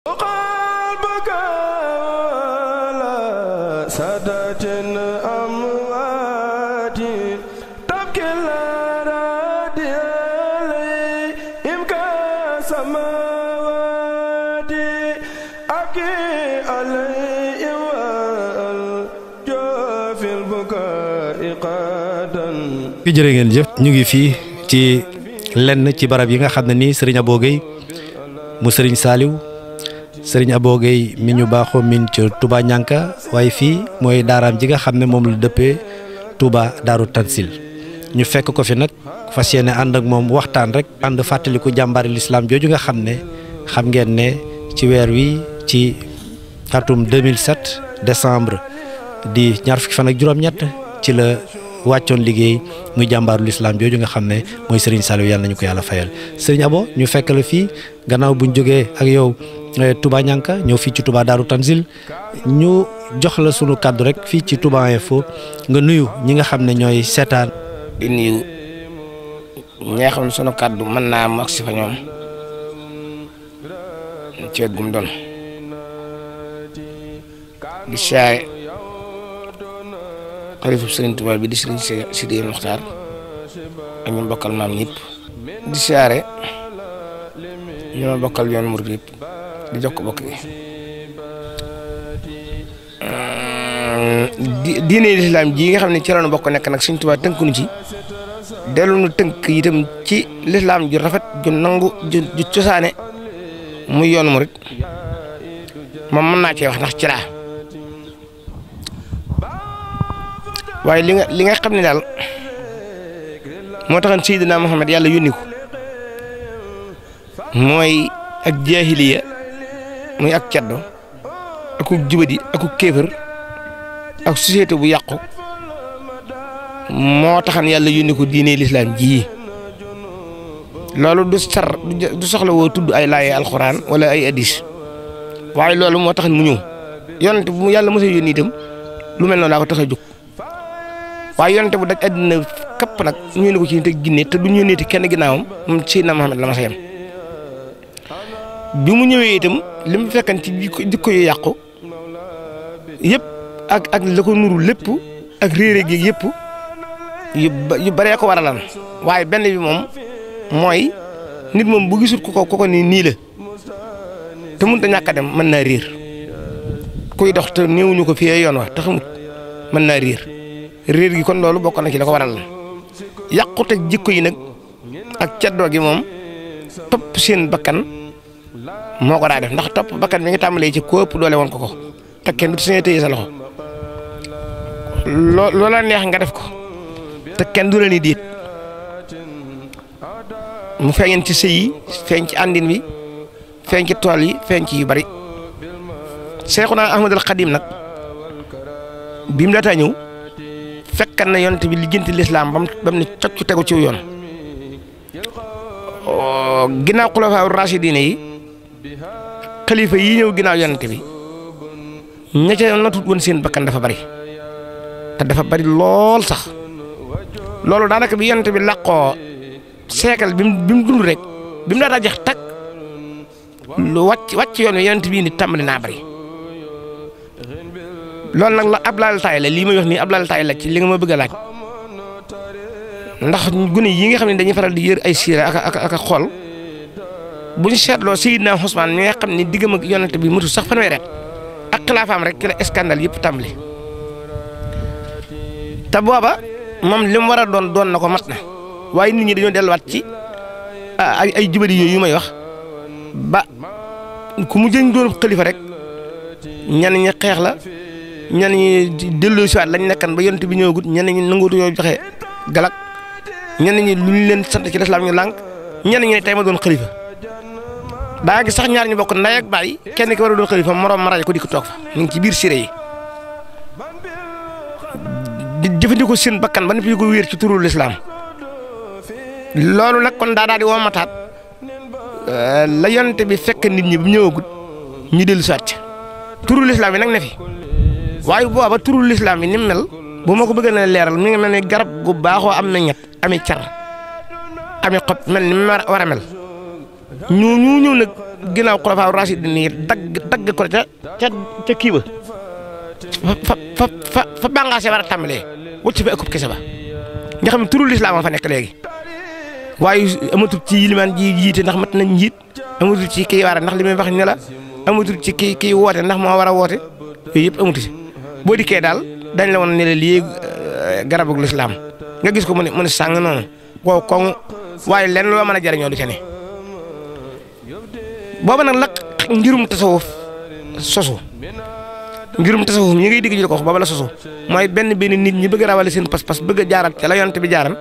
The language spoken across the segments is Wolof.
ki jërë ngeen jëf ñu ngi fii ci lenn ci barab yi nga xam ne nii Serigne Abo Gueye mu Serigne Saliou sëriñ Abo Gueye mi ñu baaxoo min ca tubaa Ñanka waaye fii mooy daaraam ji nga xam ne moom la dëppee tubaa Daaru Tansil ñu fekk ko fi nag fas yéene ànd ak moom waxtaan rek ànd fàttaliku jàmbaari lislaam jooju nga xam ne xam ngeen ne ci wi ci atum 2007 décembre di ñaar fukki fan ak ci la wàccoon liggéey muy jàmbaaru lislaam jooju nga xam ne mooy sëriñ Saliou yàlla nañu ko yàlla fayal sëriñ Abo ñu fekk la fii gannaaw buñ jógee ak yow. Euh, Touba Ñanka ñëw fii ci tubaa Daaru Tanzil ñu jox la sunu kàddu rek fii ci Touba Info nga nuyu ñi nga xam ne ñooy seetaan. di nuyu ñi xam ne sunu kàddu mën naa mag fa ñoom ci wet gum doon di siyaare xalifu Serigne Touba bi di Serigne Sidi Mokhtar ak ñu bokkal maam ñëpp di siyaare ñu ma bokkal yoon Mouride yëpp. di jox ko bokk diine lislaam ji nga xam ne ci la nu bokk nekk nag Sëriñ Tuubaa tënkuñu ci dellu nu tënk itam ci lislaam ju rafet ju nangu ju ju cosaane muy yoonu murit moom mën naa cee wax ndax ci laa waaye li nga li nga xam ne daal moo taxoon Seydina Muhammad yàlla yónni mooy ak jaahiliya muy ak ceddo aku jubadi aku kéefër ak société bu yàqu moo taxan yàlla yónni ko diine lislaam ji loolu du sar du soxla woo tudd ay laay alxuraan wala ay addis waaye loolu moo taxan mu ñëw yonent bu yàlla mos a yónni itam lu mel noonu laa ko tax a jóg waaye yonent bu daj àddina kapp nag ñu ne ko ci nit ak ginne te du ñu yónnee kenn ginnaawam moom Seydina Muhammad la ma bi mu ñëwee itam li mu fekkan ci jikko yu yàqu yëpp ak ak la ko nuru lépp ak réere gi yëpp yu yu baree ko waralan waaye benn bi moom mooy nit moom bu gisul ko ko ko nii nii la te mënut a ñàkk dem mën naa riir kuy dox te néewuñu ko fii yoon wa te xamut mën naa riir riir gi kon loolu bokk na ci la ko waral yàqute jikko yi nag ak ceddoo gi moom topp seen bakkan moo ko daa def ndax topp bakkan mi ngi tàmbalee ci kóob doole woon ko ko te kenn du sañee téye sa loxo loo loola neex nga def ko te kenn du la ni diit mu feeñeen ci sëy yi feeñ ci àndin bi feeñ ci tool yi feeñ ci yu bari Seexuna Ahmadul Xadim nag bi mu laataa ñëw fekkan na yonent bi lijjanti lislaam bam bam ne cocc tegu ci yoon ginnaaw xulafaa raasidiin yi xalifa yi ñëw ginnaaw yonent bi ña ca natut woon seen bakkan dafa bari te dafa bari lool sax loolu daanaka bi yonent bi làqoo seekal bi mu bi mu dund rek bi mu daataa jeex takk lu wàcc wàcc yoon wi yonent bii ni tàmbali naa bari loolu nag la ab laltaay la lii may wax nii ab laltaay la ci li nga ma bëgg a laaj ndax gune yi nga xam ne dañuy faral di yër ay siira ak ak ak bu ñu seetloo Seydina Ousmane mi nga xam ne diggam ak yonent bi mutul sax fanweeri at ak xilaafaam rek ci la scandale yëpp tàmbali te booba moom li mu war a doon doon na ko mat na waaye nit ñi dañoo delluwaat ci ay ay jubari yooyu yu may wax ba ku mu jëñ doon xalifa rek ñenn ñi xeex la ñenn ñi delloo si waat lañ nekkan ba yonent bi ñëwagut ñenn ñi nanguutuñoo joxe galak ñenn ñi lu ñu leen sant ci lislaam ñu lànk ñenn ñi ne tey ma doon xalifa daa gis sax ñaar ñu bokk ndey ak baay kenn ki war a doon xalifa moroom ma ko di ko toog fa ñu ngi ci biir siré yi di jëfandikoo seen bakkan ba noppi ko wéer ci turu lislaam loolu nag kon daa daal di euh, la yonte bi fekk nit ñi bu ñëwagut ñu dellu si turu lislaam yi nag ne fi waaye bu ba turu lislaam yi ni mel bu ma ko bëgg na leeral mi ngi mel ni garab gu baaxoo am na ñett am car amee xob mel ni mu war mel. ñu ñu ñëw nag ginnaaw xulafaa rashid nii dagg dagg ko ca ca ca kii ba fa fa fa fa bàngaase war a tàmbalee wut fa ëkkub kese ba nga xam ne lislaam fa nekk léegi waaye amatul ci yilimaan ji jiite ndax mat nañ njiit amatul ci kii waare ndax li may wax ne la amatul ci kii kii woote ndax moo war a woote yooyu yëpp amatu si boo dikkee daal dañ la woon ne la lii eh, garabug lislaam nga gis ko mu ne mu ne sàng noonu wow koŋ waaye lenn loo mën a jariñoo du ca ne booba nag lak ngirum tasawuf sosu ngirum tasawuf ñi ngay digg ñu ko wax booba la sosu mooy benn benn nit ñi bëgg a rawale seen pas-pas bëgg a jaaral ca la yonent bi jaaral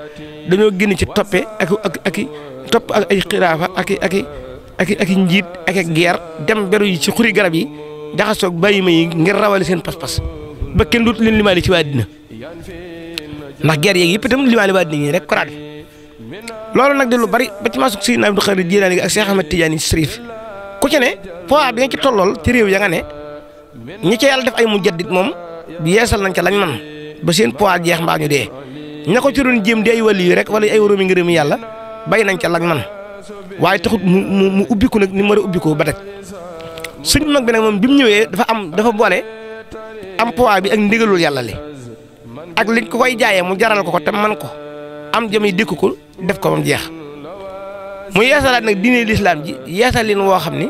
dañoo génn ci toppee ak ak ak i topp ay xiraafa ak ak i ak i ak i njiit ak i geer dem beru yi ci xuri garab yi jaxasoog bàyyi ma yi ngir rawale seen pas-pas ba kenn dootu leen limaale ci waa dina ndax geer yeeg yëpp itam limaale waa dina ñi rek koraat loolu nag de lu bari ba ci maasuk Sëriñ Abdou Xaadir Jilaani ak Cheikh Ahmad Tidiane ku ci ne poids bi nga ci tollool ci réew ya nga ne ñi ci yàlla def ay mujaddid moom yeesal nañ ca lañ man ba seen poids jeex mbaa ñu dee ña ko ci doon jéem di ay wàlli yu rek wala ay wóoróomi ngërëmi yàlla bay nañ ca lañ man waaye taxut mu mu mu ubbiku nag ni mu war ba teg suñ mag bi moom bi mu ñëwee dafa am dafa boole am poids bi ak ndigalul yàlla li ak liñ ko koy jaayee mu jaral ko ko te man ko am jëm yi dékku ko def ko ba jeex. mu yeesalaat nag diine lislaam ji yeesal leen woo xam ni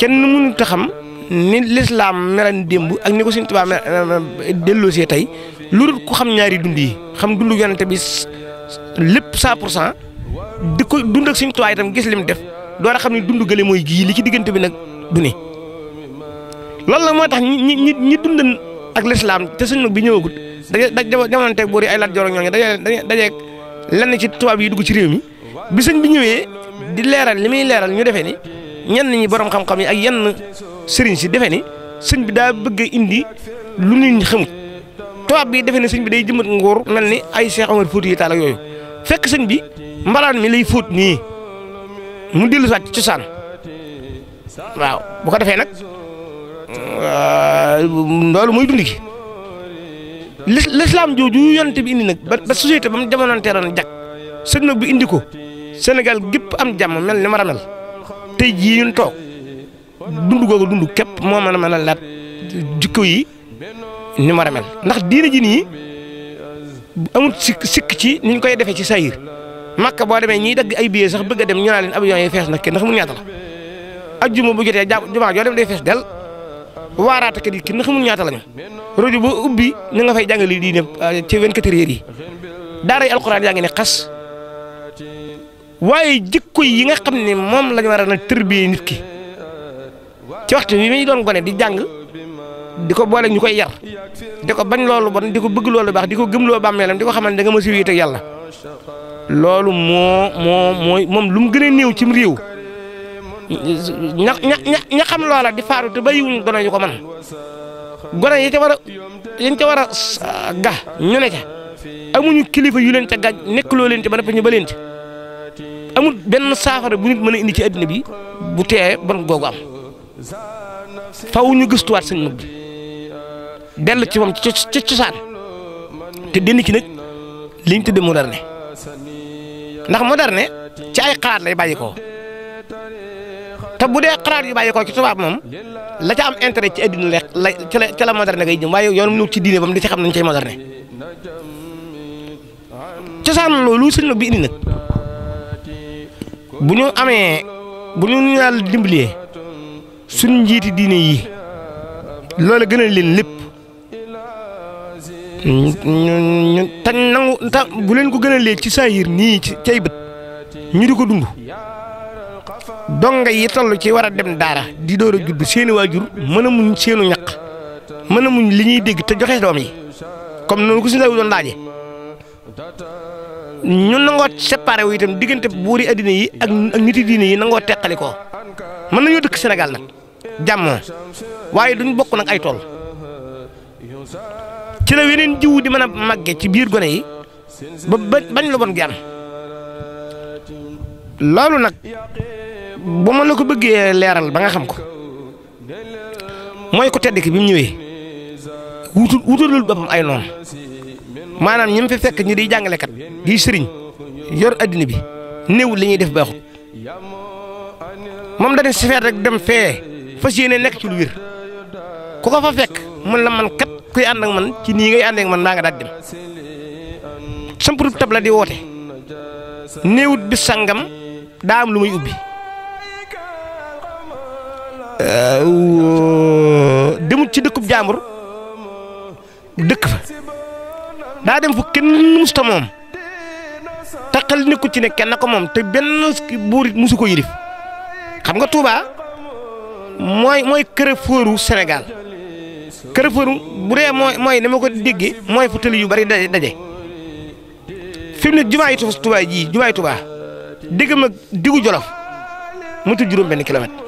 kenn mënut a xam ni lislaam melan démb ak ni ko Sëñ Tuubaa delloosee tey lu dul ku xam ñaari dund yi xam dundu yonente bi lépp 100 pour cent di dund ak Sëñ Tuubaa itam gis lim def door a xam ni dund gële mooy gii li ci diggante bi nag du ne loolu la moo tax ñi ñi ñi dundan ak lislaam te suñu bi ñëwagut daje daje jamono teg boor yi ay laaj joor ak ñooñu daje daje lenn ci tubaab yi dugg ci réew mi. bi sëñ bi ñëwee di leeral li muy leeral ñu defee ni ñan ñi borom xam-xam yi ak yan sëriñ si defee ni sëñ bi daa bëgg indi lu ñu xamut tubaab bi defee bi day jëmbat nguur mel ni ay Cheikh Omar Fouti yi ak yooyu fekk sëñ bi mbalaan mi lay fóot nii mu dellu saat ci cosaan waaw bu ko defee nag euh, loolu muy dund gi lislaam jooju yonent bi indi nag ba société ba mu jamonoon teeroon jag sëñ nag bi indi ko senegal gépp am jàmm mel ni ma ramel tey jii ñun toog dund googu dund képp moo mën a mën a laat jikko yi ni ma mel ndax diine ji nii amul sikk sikk ci niñ koy defee ci sayir makka boo demee ñiy dagg ay billets sax bëgg dem ñu naa leen avion yi fees na kenn ndax mu ñaata la ajjuma bu jotee ja jumaa joo dem day fees del waaraate kat na kenn xamul ñaata lañu rajo boo ubbi ni nga fay jàngalee diine euh, ci 24 heures yi daaray alxuraan yaa ngi ne xas waaye jikko yi nga xam ne moom la ñu na a tërbiyee nit ki ci waxtu bi muy doon gone di jàng di ko boole ñu koy yar di ko bañ loolu bon di ko bëgg loolu baax di ko gëmloo bàmmeelam di ko xaman ne da nga ma si wéet ak yàlla loolu moo moo mooy moom lu mu gën a néew cim réew ña ña ña xam loola di faaru te bàyyiwuñ gone yu ko man gone yi ca war a ca war a ah, ga ñu ne ca amuñu kilifa yu leen ca ga nekk loo leen ci ba noppi ñu ba leen amul benn saafara bu nit mën a indi ci àddina bi bu teeyee ban googu am faw ñu gëstuwaat sëñ mag bi dellu ci moom ci ci cosaan te dindi ci nag liñ tudde moderne ndax moderne ci ay xalaat lay bàyyi te bu dee xalaat yu bàyyi ko ci tubaab moom la ca am intérêt ci àddina le la la ca la moderne ngay jëm waaye yoonu ñu ci diine ba di ci xam nañ cay moderne cosaan loolu sëñ mag bi indi nag. bu ñu amee bu ñu yàlla dimbalee suñ njiiti diine yi loolu gën leen lépp ta nangu ta bu leen ko gën a lee ci saayir nii ci cay bët ñu di ko dund donga yi toll ci war a dem daara di door a judd seeni waajur mën a muñ seenu ñaq mën a muñ li ñuy dégg te joxe doom yi comme noonu ko suñu daw doon laaje ñun nangoo séparé wu itam diggante buuri addina yi ak ak niti diine yi nangoo teqali ko mën nañoo dëkk Sénégal nag jàmmoo waaye duñ bokk nag ay tool ci la weneen jiwu di mën a màggee ci biir gone yi ba bañ la bon gi am loolu nag bu ma la ko bëggee leeral ba nga xam ko mooy ko tedd ki bi mu ñëwee wutul wutalul boppam ay noonu. maanaam ñi mu fi fekk ñu di jàngalekat di sëriñ yor addina bi néew li ñuy def baaxut moom dañu si feet rek dem fee fas yéene nekk ci lu wér ko fa fekk mën la man kat kuy ànd ak man ci nii ngay ànd ak man daa nga daal dem sampurub tab la di woote néewut bi sangam daa am lu muy ubbi demut ci dëkkub jaambur dëkk fa daa dem fu kenn musta moom te xel nekku ci ne ko moom te benn buur it musu ko yilif ga nga Touba mooy mooy Carrefouru Sénégal Carrefouru bu dee mooy mooy ni ma ko déggee mooy fu tëli yu bari daje daje fi ne jumaa yi Touba ji jumaa yi Touba digg ma diggu Jolof mu tudd juróom benn kilomètre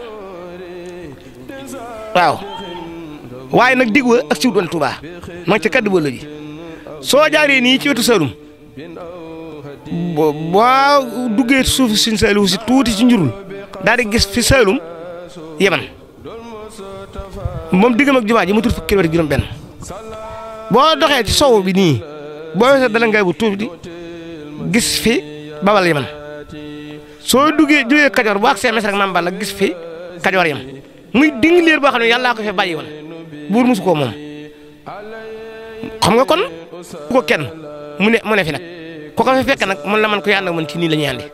waaw waaye nag digg wa ak siwut woon Touba mooy ca kaddu boole ji soo jaaree nii ci wetu Saalum boo duggee suuf si Saalum si tuuti ci njurul daal di gis fi Saalum yeman moom diggam ak jumaa ji mu tur fukki kilomètre juróom-benn boo doxee ci sow bi nii boo weesoo dala bu tuuti gis fi babal yeman soo duggee jógee Kajoor boo ak seen mes rek Balla gis fi Kajoor yem muy ding leer boo xam ne yàllaa ko fi bàyyi woon buur musu koo moom xam nga kon. bu ko kenn mu ne mu ne fi nag ku ko fi fekk nag man la man ko yàlla man ci nii la ñuy àndi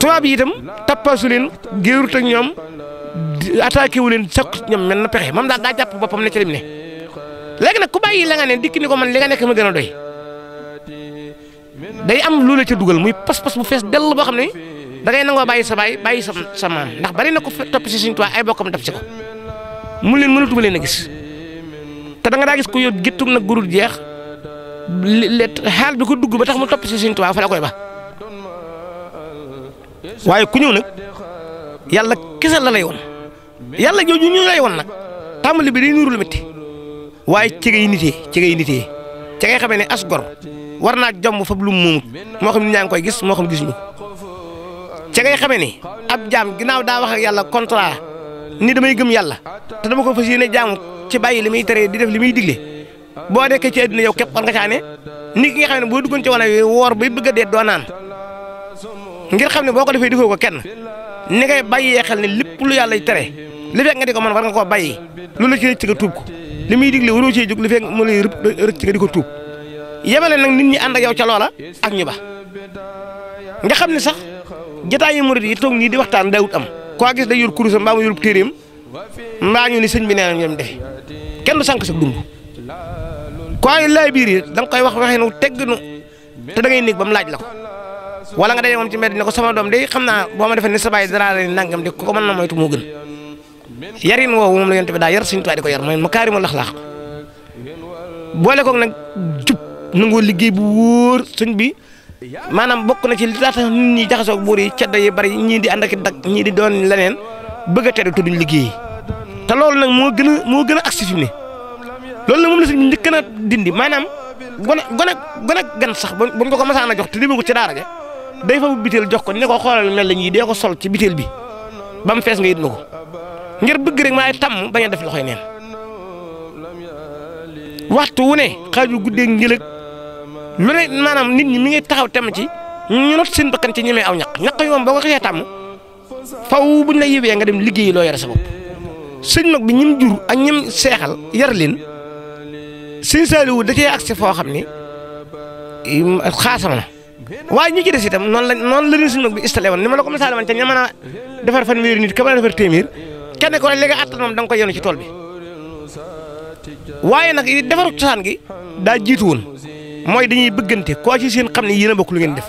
tubaab yi itam tappasu leen géerut ak ñoom attaqué wu leen sakku ñoom mel na pexe ma daal daa jàpp boppam ne ci lim ne léegi nag ku bàyyi la nga ne dikk ni ko ma li nga nekk ma gën a da day am loolu dugal muy pas-pas bu fees dell boo xam ne da ngay nangoo bàyyi sa baay bàyyi sa sa maam ndax bari na ko topp si suñu tubaab ay bokkam daf ci ko mu leen mënatu ba leen a gis. te da nga daa gis ku yor géttug nag gurul jeex li xaal bi ko dugg ba tax mu topp si Sëriñ Tuubaa fa la koy ba waaye ku ñëw nag yàlla kese la lay woon yàlla jooju ñu lay woon nag tàmbali bi day nuuru lu métti waaye ci ngay nitee ci ngay nitee ci ngay xamee ne as gor war naa jomb fab lu mu moomut moo xam ni ñaa ngi koy gis moo xam gis ñu ci ngay xamee ne ab jaam ginnaaw daa wax ak yàlla contrat ni damay gëm yàlla dama ko fas yéene jaamu ci bàyyi li muy tere di def li muy digle boo nekkee ci àdduna yow képp kon nga caa ne nit nga xam ne boo duggoon ci wala yooyu woor bay bëgg a dee doo naan ngir xam ne boo ko defee defoo ko kenn ni ngay bàyyee xel ne lépp lu yàlla tere li fekk nga di ko mën war nga ko bàyyi lu la ci rëcc nga tuub ko li muy digle waroo cee jóg li fekk mu lay rëcc nga di ko tuub yemale nag nit ñi ànd ak yow ca loola ak ñu ba nga xam ne sax jotaay yi murid yi toog nii di waxtaan daawut am koo gis day yor mbaa ñu ni sëñ bi nee na ñoom de kenn du sànq sa dund koy laay biir yi da koy wax waxee nu tegg nu te da ngay nekk ba mu laaj la ko wala nga daje moom ci mbedd ne ko sama doom de xam naa boo ma defee sa baay dara la nangam de ko mën na moytu moo gën yarin woowu moom la yonent bi daa yar Sëñ Tuubaa di ko yar mooy makaarimul axlaaq boole koog nag jub nangoo liggéey bu wóor sëñ bi maanaam bokk na ci li tax nit ñi jaxasoo buur yi cedda yi bari ñii di ànd ak ñii di doon leneen bëgg a tedd te duñ liggéey te loolu nag moo gën a moo gën a agsi ne loolu na moom la si njëkk na dindi maanaam gone gone gone gan sax ba buñ ko ko masaan a jox te demee ko ci daara ja day fa bu biteel jox ko ne ko xoolal mel la ñuy dee ko sol ci biteel bi ba mu fees nga yit na ko ngir bëgg rek maay tàmm bañ a def loxoy neen waxtu wu ne xaaju guddeeg njëlëg lu ne maanaam nit ñi mu ngi taxaw tem ci ñu not seen bakkan ci ñemee aw ñaq ñaq yi moom boo ko xëyee faw buñ la yëbee nga dem liggéeyi loo yore sa bopp sëñ bi ñim jur ak seexal yar leen sëñ Saliou da cee agsi foo xam ni xaasam na waaye ñi ci des itam noon la noonu la leen sëñ bi installé woon ni ma la ko misaale woon te ña mën a fan fanweeri nit ka mën a defar téeméer kenn ko ne li nga àttan moom da nga koy yónni ci tool bi waaye nag defaru cosaan gi daa jiitu woon mooy dañuy bëggante koo ci seen xam ne yéen a bokk lu ngeen def.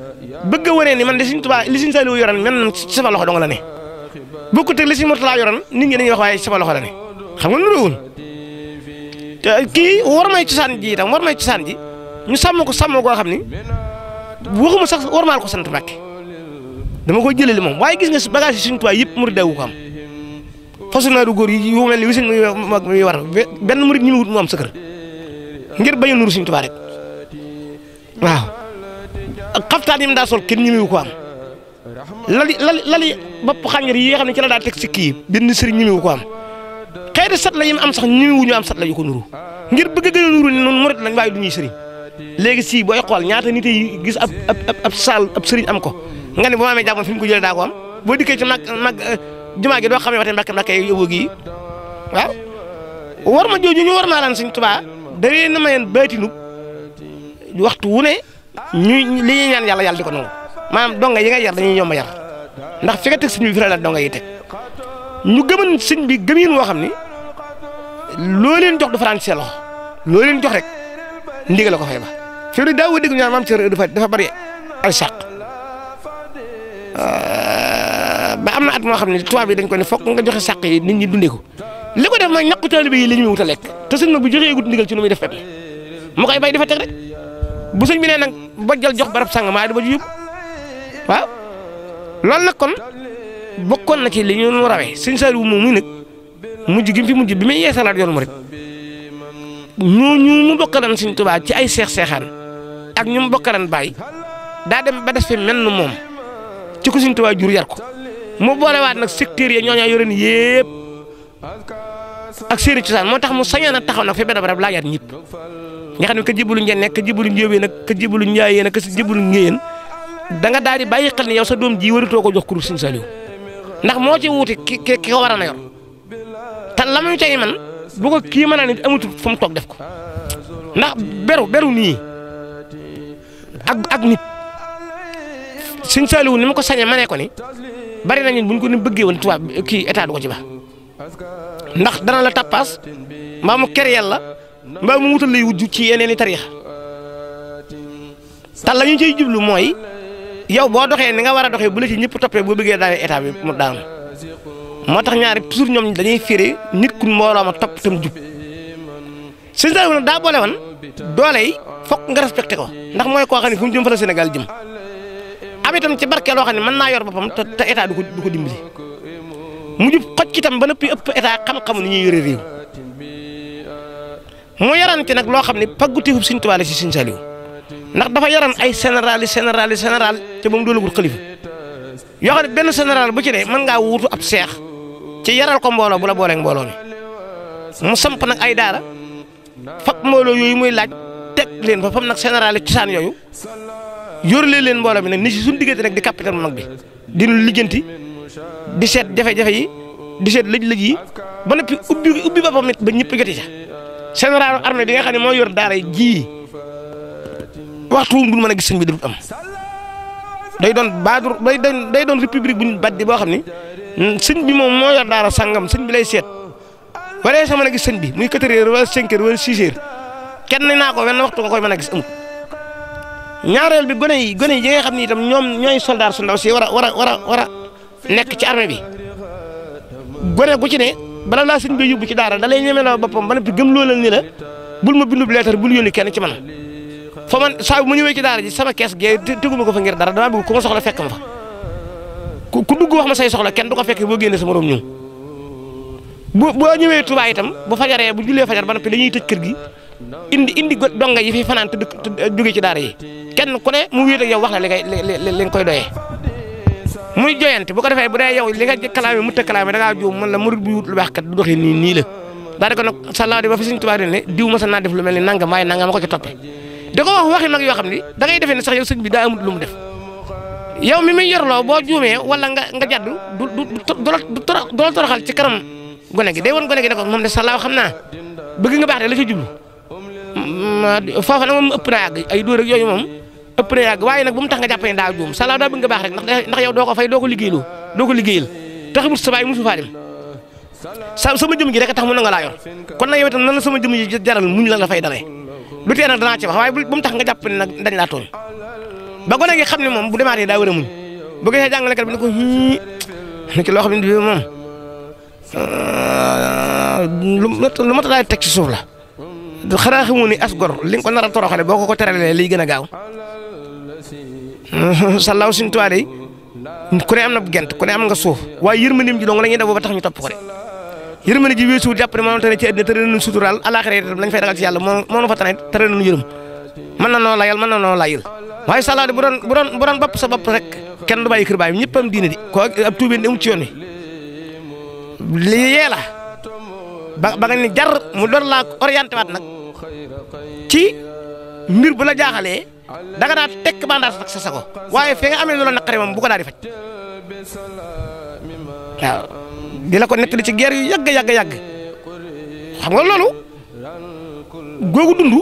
bëgg a wane man de Sëriñ Tuubaa li Sëriñ Saaliw yoroon man sama loxo dong la ne bokkut ak li Sëriñ Murtalaa yoroon nit ñi dañuy wax waaye sama loxo la ne xam nga lu doon kii war may cosaan ji itam war may cosaan ji ñu sàmm ko sàmm koo xam ni waxuma sax war ma ko sant Mbàkke dama ko jëlee li moom waaye gis nga bagage yi Sëriñ Tuubaa yëpp murid dawu ko am fasu naa du góor yi yu mel ni wisin muy war benn murid ñu wut mu am sa kër ngir bañ a nuru Sëriñ rek xaftaan yi mu daa sol kenn ñimiwu ko am lali lali lali bopp xànjar yi nga xam ne ci la daa teg sikki yi benn sëriñ ñimiwu ko am xeeti sat la yi mu am sax ñimiwu ñu am sat la yu ko nuru ngir bëgg a gën a nuru ne noonu murit lañ waaye du ñuy sëriñ léegi sii booy xool ñaata nit yi gis ab ab ab sëriñ am ko nga ne boo ma amee jàmm fi mu ko jëlee daa ko am boo dikkee ci mag mag euh, jumaa gi doo xamee waxtaan mbàkk mbàkk yi yóbbu gi war ma jooju ñu war naa laan Sëriñ Tuubaa da leen a mayeen baatinu waxtu wu ne ñu li ñuy ñaan yàlla yàlla di ko nangu maanaam donga yi nga yar dañuy yomb a yar ndax fi nga teg sëñ bi fi la donga yi teg ñu gëman sëñ bi gëm yéen woo xam ni loo leen jox du faraan ci loxo loo leen jox rek ndigal la ko fay ba fi mu ne daawoo dégg ñu naan maam Cheikh dafa dafa bëri alchaq euh, ba am na at moo xam ne tubaab yi dañ ko ne fokk nga joxe sàq yi nit ñi dundee ko li ko def mooy ñàkku taalibe yi la ñuy wut a lekk te sëñ bu joxee gut ndigal ci lu muy def mu koy bay dafa teg rek. bu sëñ bi nee nag ba jox barab sàng maa di ba jub waaw loolu nag kon bokkoon na ci li ñu rawee sëñ Saliou moom mu nag mujj gi mu fi mujj bi may yeesalaat yoonu murit ñu ñu mu bokkalan sëñ Tuubaa ci ay seex seexaan ak ñu mu bokkalan bàyyi daa dem ba def fi mel ni moom ci ko sëñ Tuubaa jur yar ko mu boolewaat nag secteur yi ñoo ñaa yoreen yëpp ak seeni cosaan moo tax mu sañoon a taxaw nag fi benn barab laajaat ñëpp nga xam ne ka jibalu ngeen nekk ka jibalu njóobeen ak ka jibalu njaayeen ka jibalu ngéyeen da nga daal di bàyyi xel ne yow sa doom ji warutoo ko jox kuréel suñu Saliou ndax moo ci wuute ki ki ki ko war a yor te la muy cay man bu kii mën a nit amatul fu mu toog def ko ndax beru beru nii ak ak nit suñu Saliou ni ma ko sañee ma ne ko ni bari na ñun buñ ko ni bëggee woon tubaab kii état du ci ba ndax dana la tappaas mbaa mu ker yàlla mbaa mu wutal lay wujj ci yeneen i tariix tal la ñu ciy jublu mooy yaw boo doxee ni nga war a doxee bu la ci ñëpp toppee boo bëggee daal état bi mu daanu moo tax ñaari toujours ñoom dañuy firi nit ku mbooloo ma topp tam jub sëñ daa boole woon doole yi fokk nga respecté ko ndax mooy koo xam ne fu mu jëm fa la Sénégal jëm am itam ci barke loo xam ne mën naa yor boppam te état du ko du mu jub kitam ci tam ba noppi ëpp état xam-xamu ni ñuy yore réew mu yarante nag loo xam ne pagguteefub Sëriñ sint la ci Sëriñ Saliou ndax dafa yaran ay général yi général yi général te ba mu doolagul xalifa yoo xam ne benn général bu ci ne mën ngaa wuutu ab seex ci yaral ko mbooloo bu la booleeg mbooloo mi mu samp nag ay daara fab mbooloo yooyu muy laaj teg leen fa fam nag général yi cosaan yooyu yóorlee leen mbooloo mi nag ni si suñu diggante nag di capitaine mu mag di nu di seet jafe-jafe yi di seet lëj-lëj yi ubbi ubbi boppam it ba ñëpp joti ca général armée bi nga xam ne moo yor daara ji waxtu wu ñu mën a gis sëñ bi du am day doon baadur day doon day doon république bu ñu baddi boo xam ni sëñ bi moom moo yor daara sangam sëñ bi lay seet waree sa mën a gis sëñ bi muy quatre heures wala cinq heures wala six kenn naa ko wenn waxtu nga koy mën a gis amul. ñaareel bi ñoom ñooy soldaar su si war a war a war nekk ci armée bi gone gu ci ne bala laa sëñ bi yóbbu ci dala da lay ñemeloo boppam ba noppi gëm loola ni la bul ma bindub leetar bul yónni kenn ci man fa man saa ma ñëwee ci daara ji sama kees gee teguma ko fa ngir dara damaa bëgg ku ma soxla fekk ma fa ku dugg wax ma say soxla kenn du ko fekk boo génnee sa morom ñëw bu boo ñëwee Tuubaa itam bu fajaree bu jullee fajar ba noppi dañuy tëj kër gi indi indi donga yi fi fanaan te jóge ci daara yi kenn ku ne mu wéet ak yow wax la li ngay koy doyee muy joyante bu ko defee bu dee yow li nga kalaame mutta kalaame da ngaa juum man la murid bi wut baax kat du doxee nii nii la daanaka nag sallaaw di ba fi suñ tubaab diw ma sa mel ni nangam waaye nangam ma ko ci toppee wax waxi mag yoo xam ni da ngay defee ne sax yow sëñ bi daa amul lu mu def yow mi muy yorloo boo juumee wala nga nga jàdd du du du toroxal ci kanam gone gi day woon gone gi ne ko moom de sallaaw xam naa bëgg nga baax de la ca jublu foofa nag moom ëpp naa àgg ay dóor ak yooyu moom ëpp na yàgg waaye nag bu tax nga jàpp ne daa juum salaaw daa bëgg nga baax rek ndax yow doo ko fay doo ko liggéeyloo doo ko liggéeyal taxawul sa baay musu faa dem sa sama jëm gi rek ta mu na nga laa yor kon nag yow itam nan la jëm ji jaral muñ la la fay dalee lu tee nag danaa ci wax waaye bu mu tax nga jàpp ne nag laa tooñ ba gone gi xam ne moom bu demaatee daa war a muñ bu gisee jàngalekat bi ne ko hii na ci loo xam ne moom lu mat lu mat daal teg suuf la xanaa xamu ni as gor li nga ko nar a toroxale boo ko ko teralee liy gën a gaaw sallaaw suñu tuwaale yi ku ne am na gent ku ne am nga suuf waaye yërmandim ji dong la ñuy def ba tax ñu topp ko de yërmande ji weesu jàpp ne moo tane ci àddina tëral nañu suturaal alaxira itam moo moo fa tane tëral nañu yërëm mën na noo layal mën na noo layal waaye sallaaw de bu doon bu sa bopp rek kenn du bàyyi a baay ñëpp am diine di ko ab tuubeen amu ci yoon lii yee la ba ba nga ni jar mu door laa orienté waat nag ci mbir bu la jaaxalee da nga daal tekk bandaas ak sa sago waaye fi nga amee loola naqari moom bu ko daal di faj waaw di la ko nettali ci guerre yu yàgg yàgg yàgg xam nga loolu dund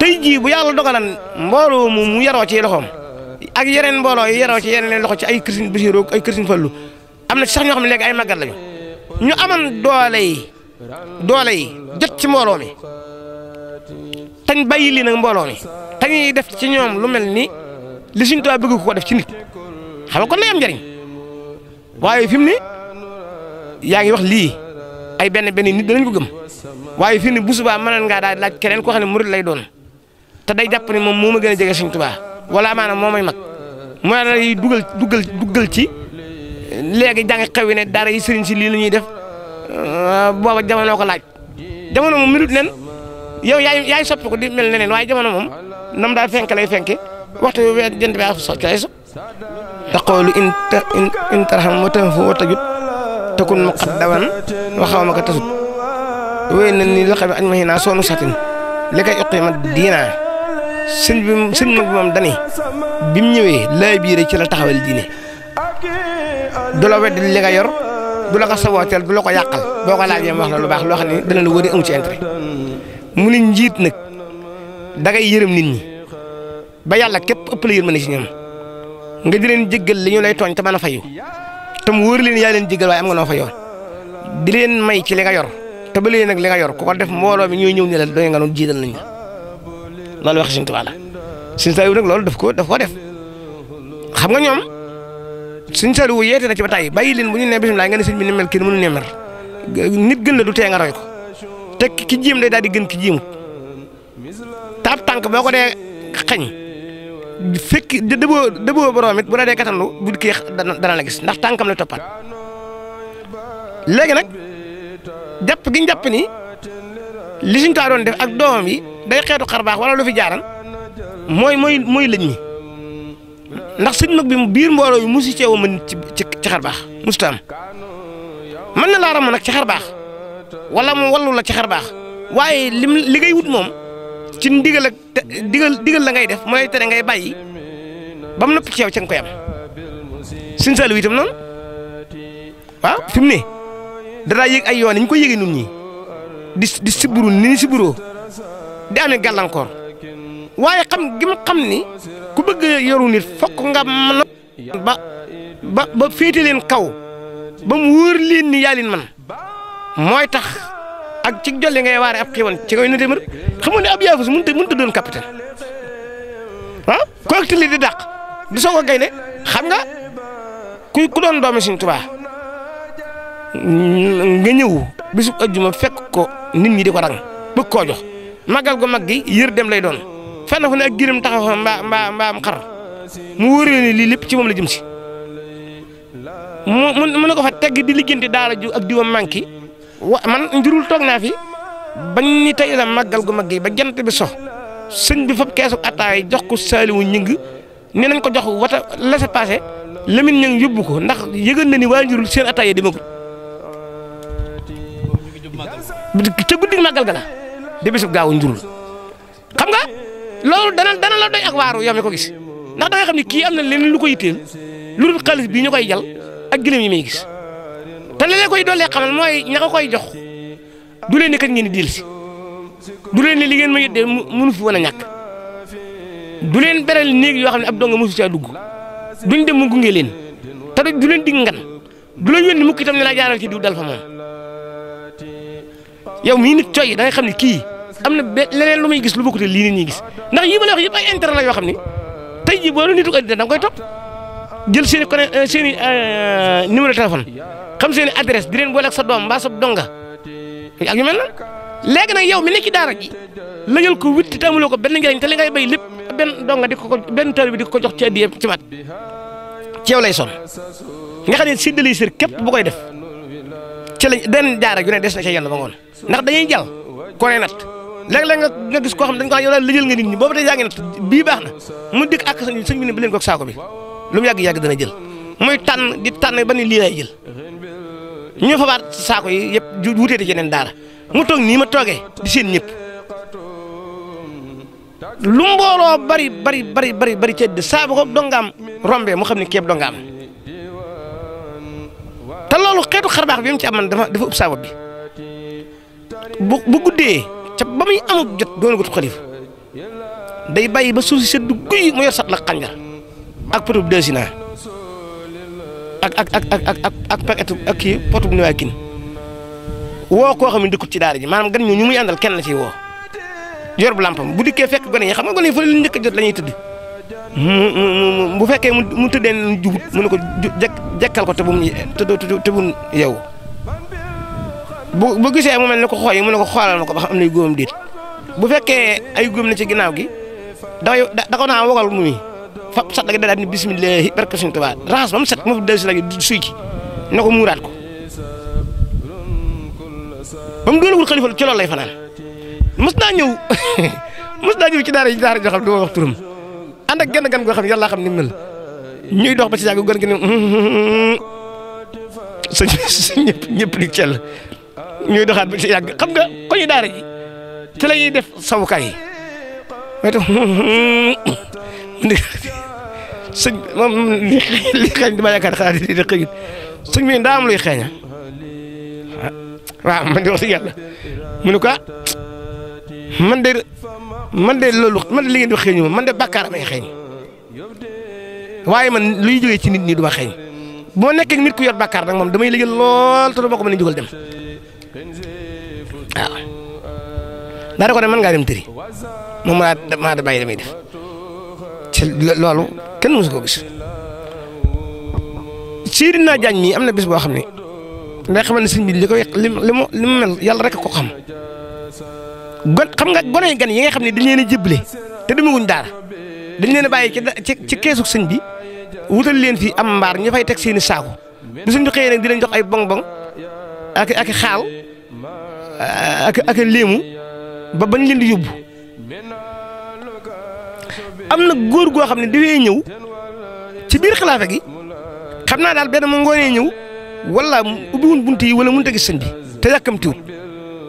tey jii bu yàlla dogalan mbooloo mu mu yaroo ci loxoom ak yeneen mbooloo yi yaroo ci yeneen loxo ci ay Sëriñ Basiru ay Sëriñ Fallu am na sax ñoo xam ne ay màggat lañu ñu aman doole yi doole yi jot ci mbooloo mi tañ bay lii nag mbooloo mi tañuy def ci ñoom lu mel ni li Sëriñ Tuubaa bëgg ko def ci nit xam nga kon lay waaye fi mu ni yaa ngi wax lii ay benn benn nit danañ ko gëm waaye fi mu ni bu subaa mënoon ngaa daal laaj keneen koo xam ne lay doon te day jàpp ne moom moo ma gën a jege Sëriñ Tuubaa wala maanaam moo may mag moo lay dugal dugal dugal ci. léegi da nga xew ne daar yi sëriñ si lii la ñuy def euh, booba jamono ko laaj jamono moom minute nen yow yaay yaay soppi ko di mel ne waaye jamono moom nam daa fenk lay fenke waxtu bi weer jënd bi ak so cay so taqoolu in in tarham wa tanfu wa tajut takun muqaddaman wa xawma ka tasut wéy na ni loxo bi añ ma xinaa soonu satin li koy uqi ma diinaa sëñ bi sëñ bi dani bi mu ñëwee laay biire ci la taxawal diine du la wedd li nga yor du la ko sabooteel du la ko yàqal boo ko laajee mu wax la lu baax loo xam ne dana la wëri amu ci intérêt mu ne njiit nag da ngay yërëm nit ñi ba yàlla képp ëpp la yërmande ci ñoom nga di leen jéggal li ñu lay tooñ te fa a fayu te mu wóor leen yaa leen jéggal waaye am nga noo fa yor di leen may ci li nga yor te ba léegi nag li nga yor ku ko def mbooloo mi ñooy ñëw ne la doy nga noonu jiital nañ la loolu wax Sëñ Tuubaa la Sëñ nag loolu daf ko daf koo def xam nga ñoom. suñ sali wu yeete na ci ba tàyyi bàyyi leen bu ñu nee bisimilah nga ne sëñ bi ni mel kenn mënu ne mel nit gën la du teenga nga roy ko te ki jéem day daal di gën ki jéemut taab tànk boo ko dee xañ fekk dëboo dëboo borom bu la de katandu bu kii dana dana la gis ndax tànkam la toppaat léegi nag jàpp gi ñu jàpp ni li suñ taa doon def ak doomam yi day xeetu xar baax wala lu fi jaaran mooy mooy mooy lëñ ñi ndax sëñ mag bi biir mbooloo yu musu ceewa mën ci ci ci xar baax musta am man na laaram ram nag ci xar baax wala mu wallu la ci xar baax waaye lim li ngay wut moom ci ndigal ak la ngay def mu lay tere ngay bàyyi ba mu noppi ceew ca nga koy am sëñ Saliou itam noonu waaw fi mu ne danaa yëg ay yoon yi koy ko yëgee nun ñi di di siburu ni ñu siburoo di amee gàllankoor. waaye xam gi ma xam ni ku bëgg yoru nit fokk nga mën ba ba ba féete leen kaw ba mu wóor leen ni yaa leen man mooy tax ak ci jolle ngay waare ab xiiwan ci koy na téeméer xam ne ab yaafus mënut a mënut a doon capitaine ah kooku te dàq du a gaynde xam nga ku ku doon doomi Sëñ Tuubaa nga ñëw bisu ajjuma fekk ko nit ñi di ko rang bëgg koo jox magal gu mag gi yër dem lay doon. fenn fu ne ak girim taxaw fa mbaa mbaa mbaam xar mu wóoree ni lii lépp ci moom la jëm si mu mu ne ko fa tegg di liggéeyante daara ju ak diwam manki wa man njurul toog naa fi bañ ni tey la màggal gu mag yi ba jant bi sox sëñ bi fab keesu attaay jox ko saaliwu ñëng nee nañ ko jox wata laisser passer Lamine ñëng yóbbu ko ndax yëgal na ni waa njurul seen attaay demagul ca guddi màggal ga la de bisub gaawu njurul xam nga. loolu dana dana la doy ak waaru yow mi ko gis ndax da nga xam ne kii am na leneen lu ko yitteel lu dul xaalis bii ñu koy jal ak gëlëm yi may gis te li leen koy doolee xamal mooy ña ko koy jox du leen ne kat ngeen di diil si du leen ne li ngeen ma yëddee mënu fi woon a ñàkk du leen beral néeg yoo xam ne ab donga mosu caa dugg duñ dem mu gunge leen te du leen dig ngan du la yónni mukk itam ne laa jaaral ci diw dal fa moom yow mii nit coy da nga xam ne kii am na leneen lu muy gis lu bokkute lii nit ñi gis ndax yii ma lay wax yëpp ay la yoo ni tey jii boo doon nitu addina da nga koy topp jël seen i conne euh, seen i euh, numéro téléphone xam seen i adresse di leen boole ak sa doom mbaa sa donga ak yu mel na léegi nag yow mi nekk ci daara ji lëjal ko witti te amuloo ko benn njëriñ te li ngay bay lépp benn donga di ko ko benn taal bi di ko jox ci addiya ci mat ci yow lay son nga xam ne séddale képp bu koy def ci lañ benn daara ju ne des na ca yàlla ndax dañuy jàll ko léeg-léeg nga nga gis koo xam dañ ko yow daal lëjël nga nit ñi boobu tey yaa bii baax na mu dikk ak sëñ sëñ bi ne bi ko saako bi lu mu yàgg-yàgg dana jël muy tànn di tànn ba ni lii lay jël ñu fabaat saako yi yëpp wuteete ci yeneen daara mu toog nii ma toogee di seen ñëpp lu mbooloo bari bari bari bari bari ceeb di saabu ko dongaam rombee mu xam ne képp dongaam te loolu xeetu xarbaax bi mu ci am man dafa dafa ëpp bi bu bu ca ba muy amub jot doonagut xalifa day bàyyi ba suuf si sedd guy mu yor sat la xànjar ak potub desina ak ak ak ak ak ak paquetu ak kii potub niwaay kin woo koo xam ne dëkkut ci daara ji maanaam gan ñu ñu muy àndal kenn la ciy woo yor bu lampam bu dikkee fekk gone yi xam nga gone yi fa la njëkk a jot la ñuy tëdd mu bu fekkee mu tëddee jugut mu ne ko jekkal ko te bu mu te bu yow bu bu gisee mu mel ne ko xooy mu ne ko xoolal ma ko ba xam am nay góom déet bu fekkee ay góom na ci ginnaaw gi dafay da ko naa wogal mu mi fa sat la gi daal ni bisimilah barke suñu Tuubaa raxas ba mu set mu dal si la gi suy ci ne ko muuraat ko ba mu doon wut xalifa ci loolu lay fanaan mës naa ñëw mës naa ñëw ci daara yi daara joo xam du ma wax turam ànd ak genn gan goo xam yàlla xam ni mel ñuy dox ba ci yàgg gën gi ne sëñ ñëpp ñëpp di cell ñuy doxaat ba ci yàgg xam nga ko ñu daara ji ci la ñuy def sawukaay yi mooy tax sëñ moom li xeeñ dama yaakaar xalaat di di xëy sëñ bi daa am waaw man de wax dëgg yàlla mu ne ko ah, man de man de loolu man de li ngeen di xeeñu man de bàkkaar may waaye man luy jógee ci nit ñi du ma xeeñ boo nekkee nit ku yor bàkkaar nag moom damay liggéey lool te du ma ko mën a jógal dem. waaw daa da ko ne mën ngaa dem tëri moom ma maa da bàyyi damay def ci kenn mësu koo gis na Jaañ mii am na bis boo xam ne ndax xamal ne sëñ bi li koy li mel yàlla rek ko xam gon xam nga gone yi gan yi nga xam ne dañ leen a jëble te demaguñ daara dañ leen a bàyyi ci ci keesu sëñ bi wutal leen fi am mbaar ñu fay teg seen i saako bu sëñ bi xëyee bong bong ak ak xaal eh, ak ak léemu ba bañ leen di yóbbu am na góor goo xam ne dafay ñëw ci biir xilaafa gi xam naa daal benn mu ngoonee ñëw wala ubbiwul bunt yi wala mënut a gis sëñ bi te yàkkamtiwul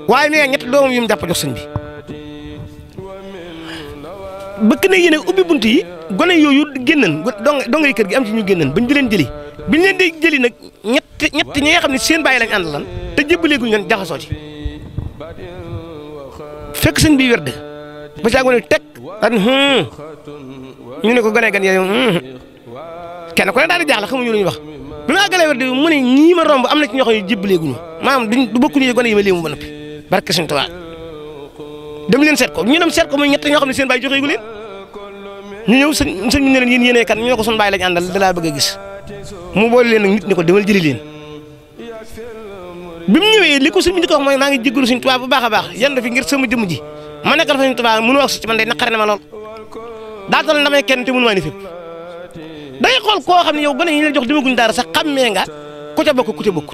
waaye nee ñett doomam yu mu jàpp jox sëñ bëgg na yéen ubbi bunt yi gone yooyu génnan dong dongay kër gi am ci ñu génnan bañ di leen jëli biñ leen di jëli nag ñett ñett ñi nga xam ne seen bàyyi lañ ànd lan te jébbaléeguñ leen jaxasoo ci fekk sëñ bi werd ba caa gone teg daan hmm. ñu ne ko gone gan yow hmm. kenn ku ne daal di jaaxle xamuñu lu ñuy wax bi ma àggalee werd ñii ma romb am na ci ñoo xam ne jébbaléeguñu maanaam duñ du bokkuñu gone yi ma léemu ba noppi barke sëñ Tuubaa dem leen seet ko ñu dem seet ko muy ñett ñoo xam ne seen baay joxe gu leen ñu ñëw sëñ sëñ bi ne leen yéen yéenay kan ñu ne ko suñu baay lañ àndal da laa bëgg a gis mu bool leen nag nit ñi ko demal jëli leen. bi mu ñëwee li ko sëñ bi di ko wax mooy maa ngi jégalu bu baax baax yan fi ngir sama jëmm ji ma nekkal fa sëñ Tuubaa mënu wax ci man day naqare na ma lool daa toll damay kenn te mënu maa ni fépp day xool koo xam ne yow ba ne ñu la jox demaguñ dara sax xàmmee nga ku ca bokk ku ca bokk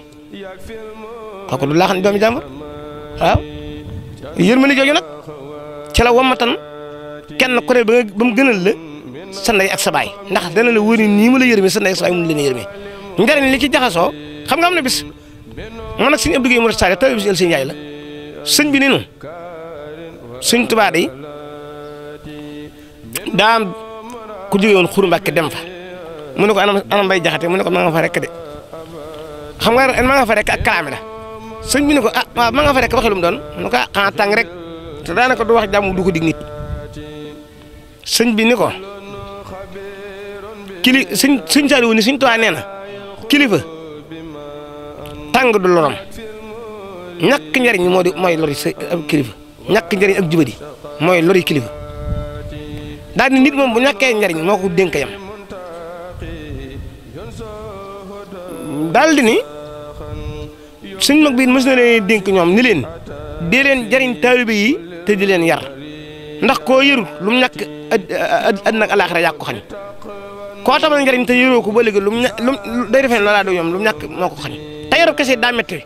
kooku du laa xam ne doomi jàmbur waaw yërmande jooju nag ci la wamatan kenn ku ne ba mu gënal la sa ndey ak sa baay ndax dana la wóor nii la yërmee sa ndey ak sa baay mu leen yërmee njëriñ li ci jaxasoo xam nga am na bis man ak sëñ Abdou Guèye Mor Sall taw bi si sëñ la sëñ bi ni nu sëñ Tuubaa yi daan ku jóge woon Xuru Mbàkke dem fa mu ne ko anam bay jaxate mu ne ko maa nga fa rek de xam nga maa nga fa rek ak kalaame la sëñ bi ne ko a ah, maa ma nga fa rek waxee lu mu doon mu ko ah xanaa tàng rek te daanaka du wax jàmm du ko dig nit sëñ bi ni ko kili sëñ sëñ Saaliwu ni sëñ Tuubaa nee na kilifa tàng du lorom ñàkk njariñ mooy lori sa kilifa ñàkk njariñ ak jubadi mooy lori kilifa daal ni bu ñàkkee njariñ moo dénk yam suñ mag bi mos na leen dénk ñoom ni leen dee leen jariñ taalibe yi di leen yar ndax koo yërul lu mu ñàkk àddina ak alaaxira yàq ko xañ koo tamal njariñ te ko ba léegi lu mu ña lu day defee loolaa do ñoom lu ñàkk moo ko xañ te yaru kese daa métti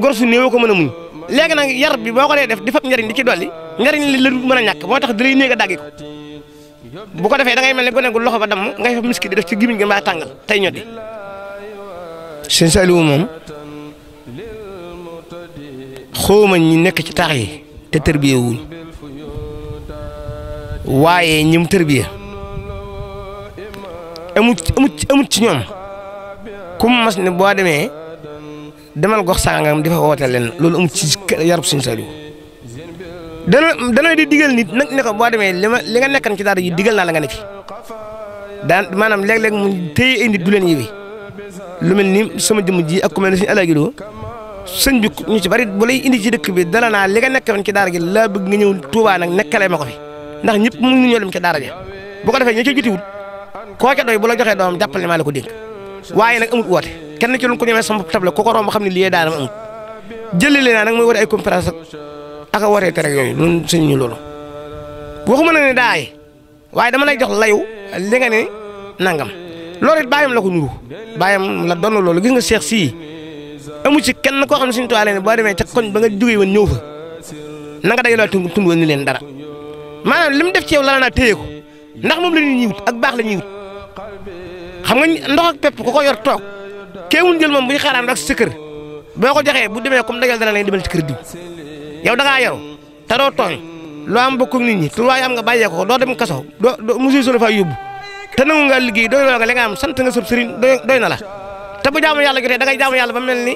gor su néew ko man a muñ léegi nag yar bi boo ko dee def di fab njariñ di ci dolli njariñ li la du mën a ñàkk moo tax dalay néeg a daggi ko bu ko defee da ngay mel ne gone gu loxo ba damm ngay fa miski di def ci gimiñ gi mbaa tàngal tey ñoddi sëñ Saliou moom xawma ñi nekk ci taax yi te tërbiye wuñ waaye ñi mu tërbiye amut amut ci ñoom ku mu mas ne boo demee demal gox sangam di fa woote leen loolu amut ci yarub suñu saliw dana dana di digal ni nag ne boo demee li ma li nga nekkan ci daara yi digal naa la nga ne ci daan maanaam léeg mu téye ay nit du leen yëwi mel ni sama jëmm ji ak ku mel ne sëñ bi ñu ci bari bu lay indi ci dëkk bi dala naa li nga nekkoon ci daara gi laa bëgg nga ñëw Touba nag nekkalee ma ko fi ndax ñëpp mënuñu ñoo dem ci daara ji bu ko defee ñi ci jutiwut koo ca doy bu la joxee doomam jàppal ne maa la ko dénk waaye nag amut woote kenn ci lu ko ñemee sama table ku ko romb xam ne lii daara ma amut jëlee naa nag mooy woote ay conférence ak a wootee tere yooyu loolu ñu loolu waxuma na ne daay waaye dama la jox layu li nga ne nangam loolu it bàyyam la ko nuru baayam la doon loolu gis nga Cheikh amu ci kenn koo xam ne suñu tuwaale boo demee ca koñ ba nga jógee woon ñëw fa na ni leen dara maanaam li mu def ci yow la naa te ko ndax moom la ñuy wut ak baax la ñuy wut xam nga ndox ak pepp ko yor toog kéewul jël moom bu ñu xaaraan rek sa kër boo ko joxee bu demee comme dajal dana lay demal ci kër diw yow da ngaa yoru te doo tooñ loo am bokk nit ñi tur waay am nga bàyyee ko doo dem kaso doo doo mosu si la faa yóbbu te nangu nga liggéey doy loo nga li nga am sant nga sëb sëriñ doy na la. te bu jaamu yàlla jotee da ngay jaamu yàlla ba mel ni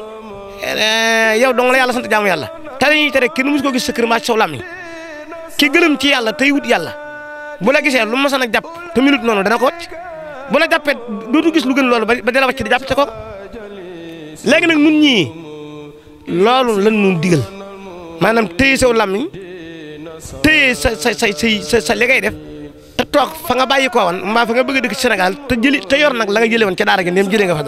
eh, eh, yow dong la yàlla sant jaamu yàlla te dañuy tere kenn mos ko gis sa kër maa ci saw lam yi ki gëlëm ci yàlla tey wut yàlla bu la gisee lu ma san a jàpp te minute noonu dana ko wàcc bu la jàppee dootu gis lu gën loolu ba dala wàcc di jàpp te ko léegi nag nun ñii loolu lan nun digal maanaam téye saw làmmiñ téye sa sa sa sa sa li ngay def te toog fa nga bàyyi koo woon mbaa fa nga bëgg a dëkk Sénégal te yor nag la nga jëlee woon ca daara gi ndéem jëlee nga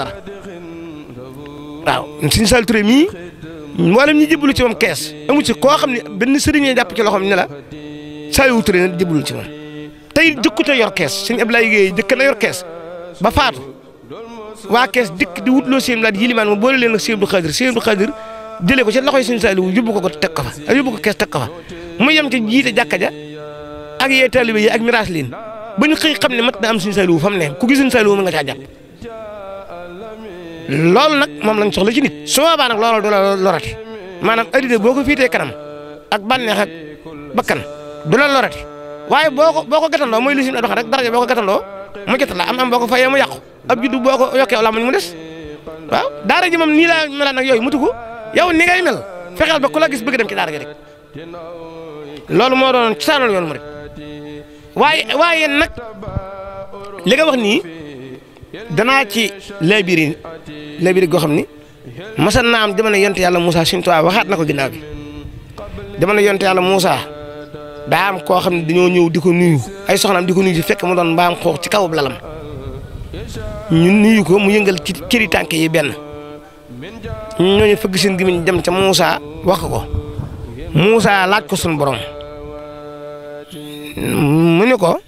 waaw Serigne Saliou Touré mii mboolem ñi jébbalu ci moom kees amu ci koo xam ne benn sëriñ jàpp ci loxoom na la Saliou Touré nag jébbalu ci moom tey jëkku ta yor kees Serigne Abdoulaye jëkk na yor kees ba faatu waa kees dikk di wutloo seen laaj yilimaan ma boole leen ak Serigne Abdou Khadir Serigne Abdou Khadir jëlee ko ci loxoy Serigne Saliou yóbbu ko ko teg ko fa yóbbu ko kees teg ko fa mu yem ci jiite jàkka ja ak yee taalibe yi ak miraas leen ba ñu xëy xam ne mat na am Serigne Saliou fa mu ne ku gis Serigne Saliou mën nga caa jàpp loolu nag moom lañ soxla ci nit su boobaa nag loolu du la lorati maanaam addina boo ko fiitee kanam ak bànneex ak bakkan du la waaye boo ko boo ko gàttandoo mooy li si doxal rek daraja boo ko gàttandoo mu jot la am am boo ko fayee mu yàqu ab juddu boo ko yokkee wala mu des waaw daara ji moom nii laa melaan nag yooyu mutu ko yow ni ngay mel fexeel ba ku la gis bëgg dem ci daara ji rek loolu moo doon cosaanal yoon mu rek waaye waaye nag li nga wax nii danaa ci laabiri laabiri goo xam ni masan naa am jamono yonte yàlla Moussa suñu tubaab waxaat na ko ginnaaw bi jamono yonte yàlla Moussa daa am koo xam ne dañoo ñëw di ko nuyu ay soxnaam di ko nuyu ci fekk mu doon mbaam xoox ci kawub lalam ñu nuyu ko mu yëngal ci cëri tànk yi benn ñooñu fëgg seen gémmiñ dem ca muusa wax ko Moussa laaj ko suñu borom mu ne ko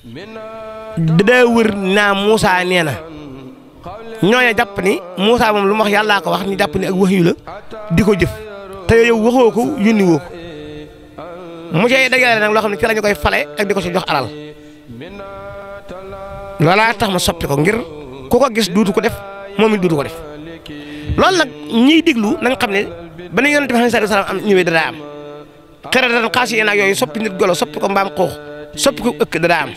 daa wër naa Moussa nee na ñooñu jàpp ni Moussa moom lu ma wax yàllaa ko wax ni jàpp ni ak wax yu la di ko jëf te yow waxoo ko yónni woo ko mu cee dajale nag loo xam ne ci la ñu koy fale ak di ko ci jox alal loolaa tax ma soppi ko ngir ku ko gis duutu ko def moom it duutu ko def loolu nag ñiy diglu na xam ne ba ni yonent bi sallallahu alayhi wasallam am ñëwee dadaa am xëy na daan xaasi yooyu soppi nit golo soppi ko mbaam xuux soppi ko ëkk dadaa am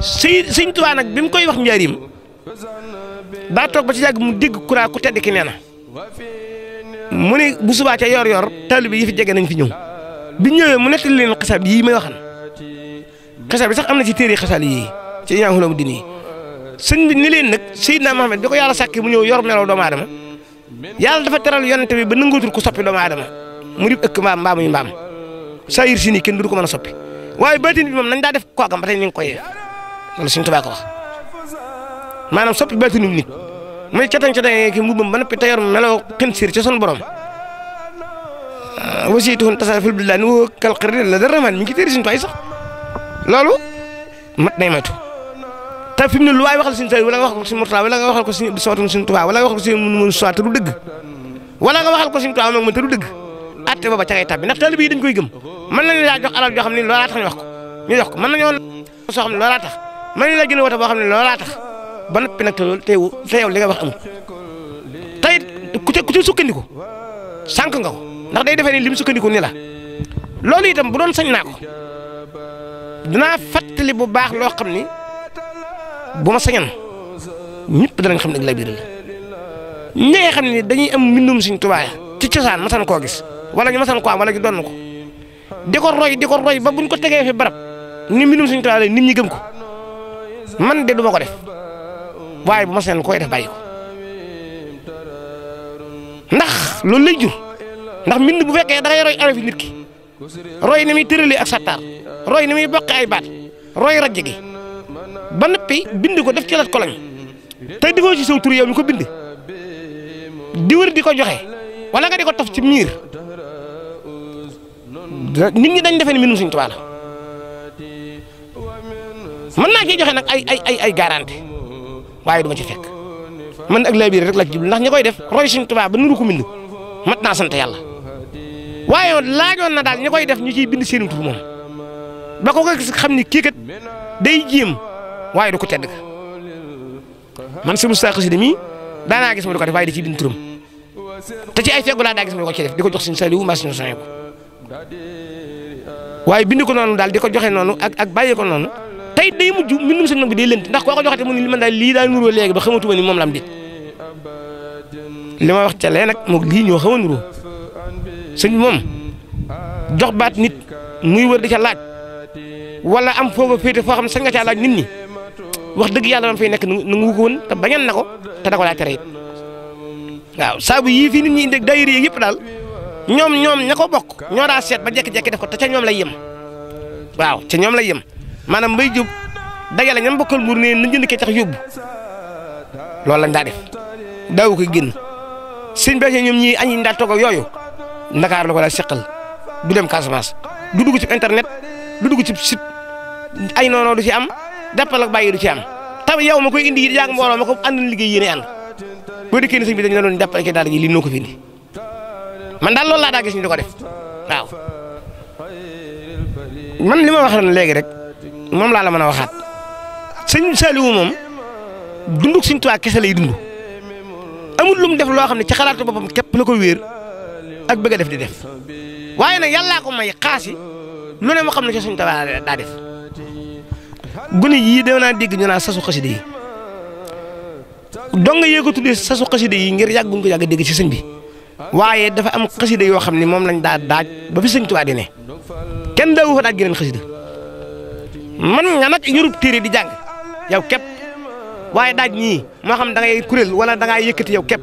si Sëñ Tuubaa nag bi mu koy wax njaarim daa toog ba ci yàgg mu dégg kuraa ku tedd ki nee na mu ne bu subaa ca yor-yor bi yi fi jege nañ fi ñëw bi ñëwee mu nettali leen xasab yii ma waxan xasab bi sax am na ci téere xasal yii ci Iyaam Ulumuddin dini sëñ bi ni leen nag Seydina Muhammad bi ko yàlla sàkkee mu ñëw yor melow doomu aadama yàlla dafa teral yonent bi ba nangootul ko soppi doomu aadama mu rib ëkk mbaam mbaamuy mbaam saa yir si nii kenn du ko mën a soppi waaye baatin bi moom nañ daa def koogam ba tey ngi koy suñ tubaab ko maanaam soppi baatinu nit muy catan catan ki mbubbam ba noppi te yor meloo xinsiir ci sun borom ah, wasiituhun tasal fil bilaa nu kal xarit la dara man mi ngi téere suñu tuwaay sax loolu mat nay matu te fi mu ne lu waay waxal suñu tuwaay wala waxal ko suñu murtaa wala nga waxal ko suñu Abdu Samad suñu tubaab wala nga waxal ko suñu mun mun soit te du dëgg wala ko suñu tubaab moom te du dëgg atte booba ca ngay tàbbi ndax taalibe yi dañ koy gëm mën ko ñu jox ko mën nañoo soo loolaa tax mën nañu laa gën a loolaa tax ba noppi nag te loolu te yow li nga wax amul tey ku ca ku ca sukkandiku sànq nga ko ndax day defee ne lim sukkandiku ni la loolu itam bu doon sañ naa ko dinaa fàttali bu baax loo xam ni bu ma sañan ñëpp danañ xam ne ak labiir la ñi nga xam ne dañuy am mbindum Sëñ Tuubaa ci cosaan san koo gis wala ñu masan koo am wala ñu doon ko di ko roy di ko roy ba buñ ko tegee fi barab ni mbindum Sëñ Tuubaa la nit ñi gëm ko man de du ma ko def. waaye bu ma seen lu koy def bàyyi ko ndax loolu lay jur ndax mbind bu fekkee da ngay roy araf yi nit ki roy ni muy tëralee ak sattaar roy ni muy ay baat roy rajj gi ba noppi bind ko def ci lat koloñ tey defoo ci saw tur ko bind di di ko joxe wala nga di ko taf ci miir nit ñi dañ defe ne mbindum Sëñ Tuubaa la mën naa ciy joxe nag ay ay ay ay garanti waaye du ma ci fekk man ak laabire rek laa ci ndax ñi koy def roy Sëriñ Tuubaa ba nuru ko ma mat naa sant yàlla waaye laajoon na daal ñi koy def ñu ciy bind seen tur moom ba ko gis xam ni kii kat day jéem waaye du ko tedd man si Moustapha Xasida mi daanaa gis ma di ko def waaye ci ay feggu laa ko ci def ko jox Sëriñ Saliou maa suñu soñe ko ko noonu daal di ko joxe noonu ak ak bàyyi ko noonu. tey day mujj mbindum sëñ mag bi day lënt ndax koo ko joxate mu ne man daal lii daal nuroo léegi ba xamatuma ni moom la am dit li ma wax ca lee nag moom lii ñoo xaw a nuroo sëñ moom jox baat nit muy wër di ca laaj wala am foofa féete foo xam ne sañ nga caa laaj nit ñi wax dëgg yàlla man fay nekk nangu ko woon te bañan na ko te da ko laa tere it waaw saabu yii fii nit ñi indi ak yi yëpp daal ñoom ñoom ña ko bokk ñoo daa seet ba jekki-jekki def ko te ca ñoom lay yem waaw ca ñoom lay yem maanaam mbay jub dajale ñam bokkal mbuur ne na jënd kecax yóbbu loolu lañ daa def daawu ko génn sëñ Béthio ñoom ñii añ ñu daa yooyu Ndakaar la a daa seqal du dem Casamance du dugg ci internet du dugg ci site ay noonoo du ci am jàppal ak bàyyi du ci am tam yow ma koy indi yi yaa ngi mbooloo ma ko àndal liggéey yéene ànd boo dikkee ne sëñ bi dañu la doon jàppale ci daal ji lii noo ko fi man daal loolu laa daa gis ñu di ko def man li ma wax léegi rek. moom laa la mën a waxaat sëñ Saliou moom dunduk sëñ Tuubaa kese lay dund amul lu mu def loo xam ne ci xalaatu boppam képp la ko wéer ak bëgg def di def waaye nag yàllaa ko may xaasi lu ne moo xam ne ci sëñ Tuubaa daa def gune yii da naa dégg ñu naa sasu xasida yi dong yee ko tuddee sasu xasida yi ngir yàgg guñ ko yàgg dégg ci sëñ bi waaye dafa am xasida yoo xam ne moom lañ daa daaj ba fi sëñ Tuubaa di ne kenn daawu fa daaj geneen xasida man nga nag yorub téere di jàng yow képp waaye daaj ñii moo xam da ngay kuréel wala da ngay yëkkati yow képp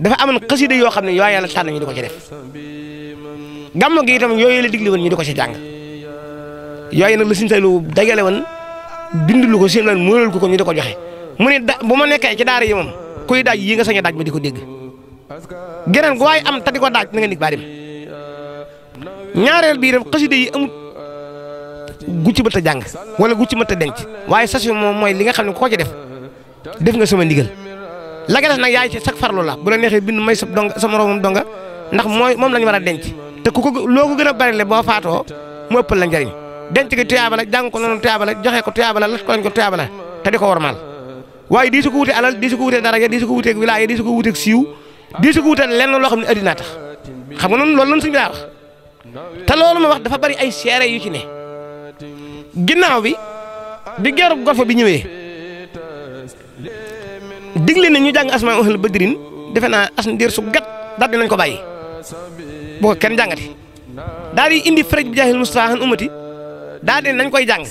dafa amoon xasida yoo xam ne yoo yàlla tànn ñu di ko ci def gàmmu gi itam yooyu le digle woon ñu di ko ci jàng yooyu nag la suñu taylu dajale woon bindulu ko seen lan mënal ko ko ñu di ko joxe mu bu ma nekkee ci daara yi moom kuy daaj yi nga sañ a daaj ma di ko dégg geneen gu waaye am ta di ko daaj na nga nit baa dem ñaareel bii itam xasida yi amut gu ci mënta jàng wala gu ci mënta denc waaye sas yu moom mooy li nga xam ne ko ci def def nga sama ndigal la nag yaay ci sag farlu la bu la neexee bind may sa donga sa moroomam donga ndax mooy moom la ñu war a denc te ku ko loo ko gën a bari le boo faatoo mu ëppal la njariñ denc ko tuyaaba la jàng ko noonu tuyaaba la joxe ko tuyaaba la las ko lañ ko tuyaaba te di ko warmaal waaye di ko wutee alal di ko wutee daraja di su ko wuteeg wilaaya di di ginnaaw bi bi geerub golfa bi ñëwee digle na ñu jàng asmaa ahlu badrin defe naa as ndiir su gat daal dinañ ko bàyyi boo ko kenn jàngati daal di indi faraj bi jaahil Mustafa an umati daal di nañ koy janga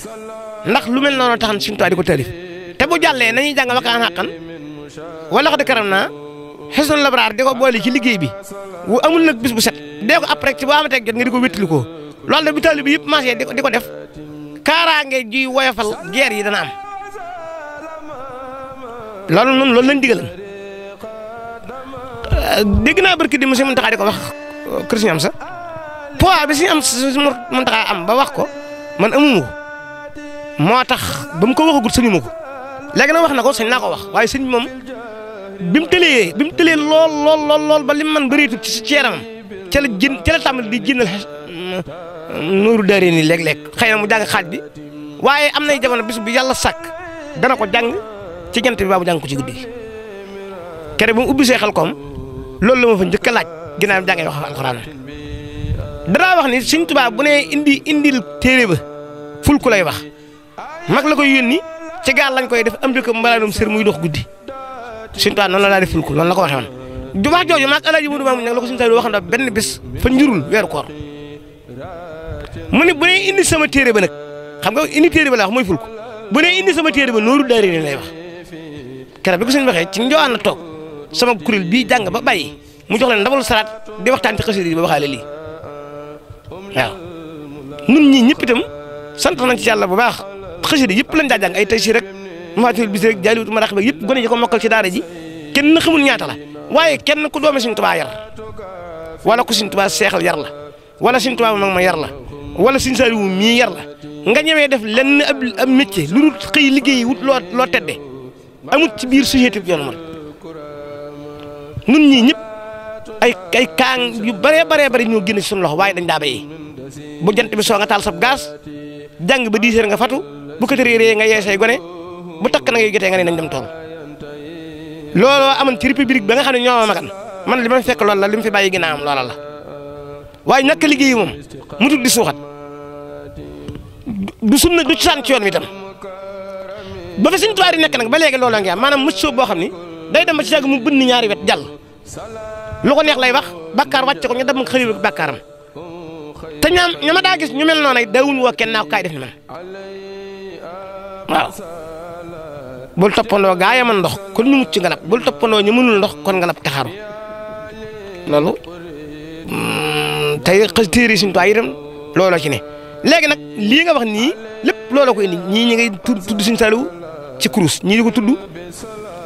ndax lu mel noonu taxan suñu tuwaay di ko taalif te bu jàllee nañuy jàng wakaan xaqan wala xadi karam naa xisnul labraar di ko boole ci liggéey bi wu amul nag bis set dee ko après ci boo amatee jot nga di ko wétali ko loolu da bu taalib bi yëpp marché di kaaraange juy woyofal guerre yi dana am loolu noonu loolu lañ digal euh, dégg naa barki di monsieur Mountakha di ko wax kër suñu am sa poids bi suñu am suñu Mountakha am ba wax ko man amuñu ko moo tax ba mu ko waxagut sëñu ma ko léegi nag wax na ko sëñ naa ko wax waaye sëñ moom bi mu tëlee bi mu tëlee lool lool lool ba li mu mën bëreetut ci ci yaramam ca la jën ca la tàmbali di jëndal mm, nuuru dëre nii léeg-léeg xëy na mu jàng xaaj bi waaye am nay jamono bis bu yàlla sàkk dana ko jàng ci ñent bi baa mu jàng ko ci guddi gi kere bu mu ubbi see koom loolu la ma fa njëkk a laaj ginnaaw bi jàngee wax alxuraan danaa wax ni Sëñ Tuubaa bu ne indi indil téere ba ful ku lay wax mag la koy yónni ci gaal lañ koy def am dëkk mbalaanum sër muy dox guddi Sëñ Tuubaa noonu la daal di ful ku loolu la ko waxee ju wax jooju maag alaaji Modou Mamoune nag la ko suñu Saliou waxandoo benn bis fa njurul weeru koor mu ne bu indi sama téere ba nag xam nga indi téere ba la wax mooy ful ko bu nee indi sama téere ba nooru daari ne lay wax keroog bi ko suñu waxee ci njowaan la toog sama kuréel bii jàng ba bàyyi mu jox leen ndabal salaat di waxtaan ci xasida yi ba waxaale lii waaw nun ñii ñëpp itam sant nañ ci yàlla bu baax xasida yëpp lañ daa jàng ay taysi rek mafatil bis rek jaaliwut maraq ba yëpp gone yi ko ci daara ji kenn na ñaata la waaye kenn ku doomi Sëñ Tuubaa yar wala ku Sëñ Tuubaa seexal yar la wala Sëñ Tuubaa mag ma yar la wala Sëñ Saaliw mii yar la nga ñëwee def lenn a ab métier lu dul xëy liggéey wut loo loo tedde amut ci biir société bi yoon man nun ñii ñëpp ay ay kaang yu bëree baree bëri ñoo génn ci suñu loxo waaye dañ daa béyi bu jant bi soo nga taal sab gaz jàng ba dix heures nga fatu bu ko tëree nga yee say gone bu takk na ngay jotee nga ne nañ dem tool looloo amoon ci république ba nga xam ne ñoo ma magan man li ma fekk loolu la li mu fi bàyyi ginnaawam loola la waaye ñàkk liggéey moom mu tudd di suuxat du sunna du cosaan ci yoon wi tam ba fi suñ tuwaar yi nekk nag ba léegi looloo ngi am maanaam mëccoo boo xam ni day dem ba ci yàgg mu bënn ñaari wet jàll lu ko neex lay wax bakkaar wàcce ko ñu dem xëy na bakkaaram te ñaam ñama daa gis ñu mel noonu ay dawuñu woo kenn naa ko kaay def ni bul toppandoo gaa ya mën ndox kon ñu ci nga lab bul toppandoo ñu mënul ndox kon nga lab taxaru loolu mm, tey xës téere yi suñu tuwaay itam looloo ci ne léegi nag lii nga wax nii lépp looloo ko indi ñii ñi ngay tudd suñu Saliou ci kurus ñii di ko tudd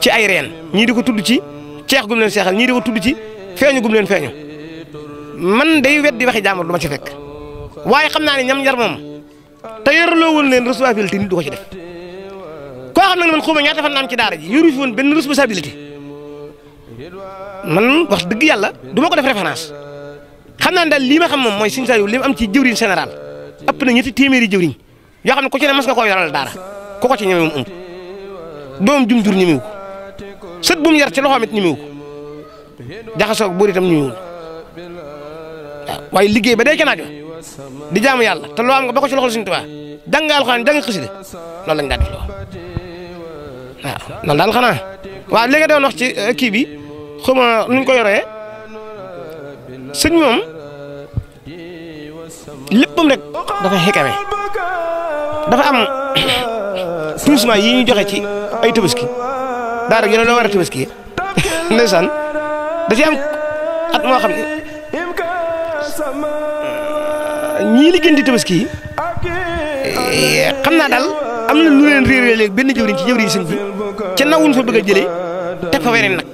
ci ay reen ñii di ko tudd ci ceex gum leen seexal ñii di ko tudd ci feeñu gum leen feeñu man day wet di waxi jaamur du ma ci fekk waaye xam naa ne ñam yar moom te yoraloo woon leen recevoir fii nit du ko ci def. koo xam nag man xuma ñaata fan la am ci daara ji yoru fi woon benn responsabilité man wax dëgg yàlla du ma ko def référence xam naa ne daal lii ma xam moom mooy Serigne Saliou li am ci jëwriñ général ëpp na ñetti téeméeri jëwriñ yoo xam ne ku ci ne mas nga koo yoral daara ku ko ci ñeme moom amut doom jum jur ñemewu ko sët bu yar ci loxoom it ñemewu ko jaxasoo ak buur itam ñemewul waaw waaye liggéey ba day ca naajo di jaamu yàlla te loo am nga ba ko waaw loolu daal xanaa waaw léegi doon wax ci euh, kii bi xaw ma ko yore sëñ moom léppam rek dafa xekame dafa am tourisme yi ñu joxe ci ay tabaski daa rek loo war a tabaski ndeysaan da ci am at moo xam ne euh, ñii li gën tabaski eh, xam naa daal. am na lu leen réeré léegi benn jëwriñ ci jëwriñ sëñ bi ca nawun fa bëgg a jëlee teg fa weneen nag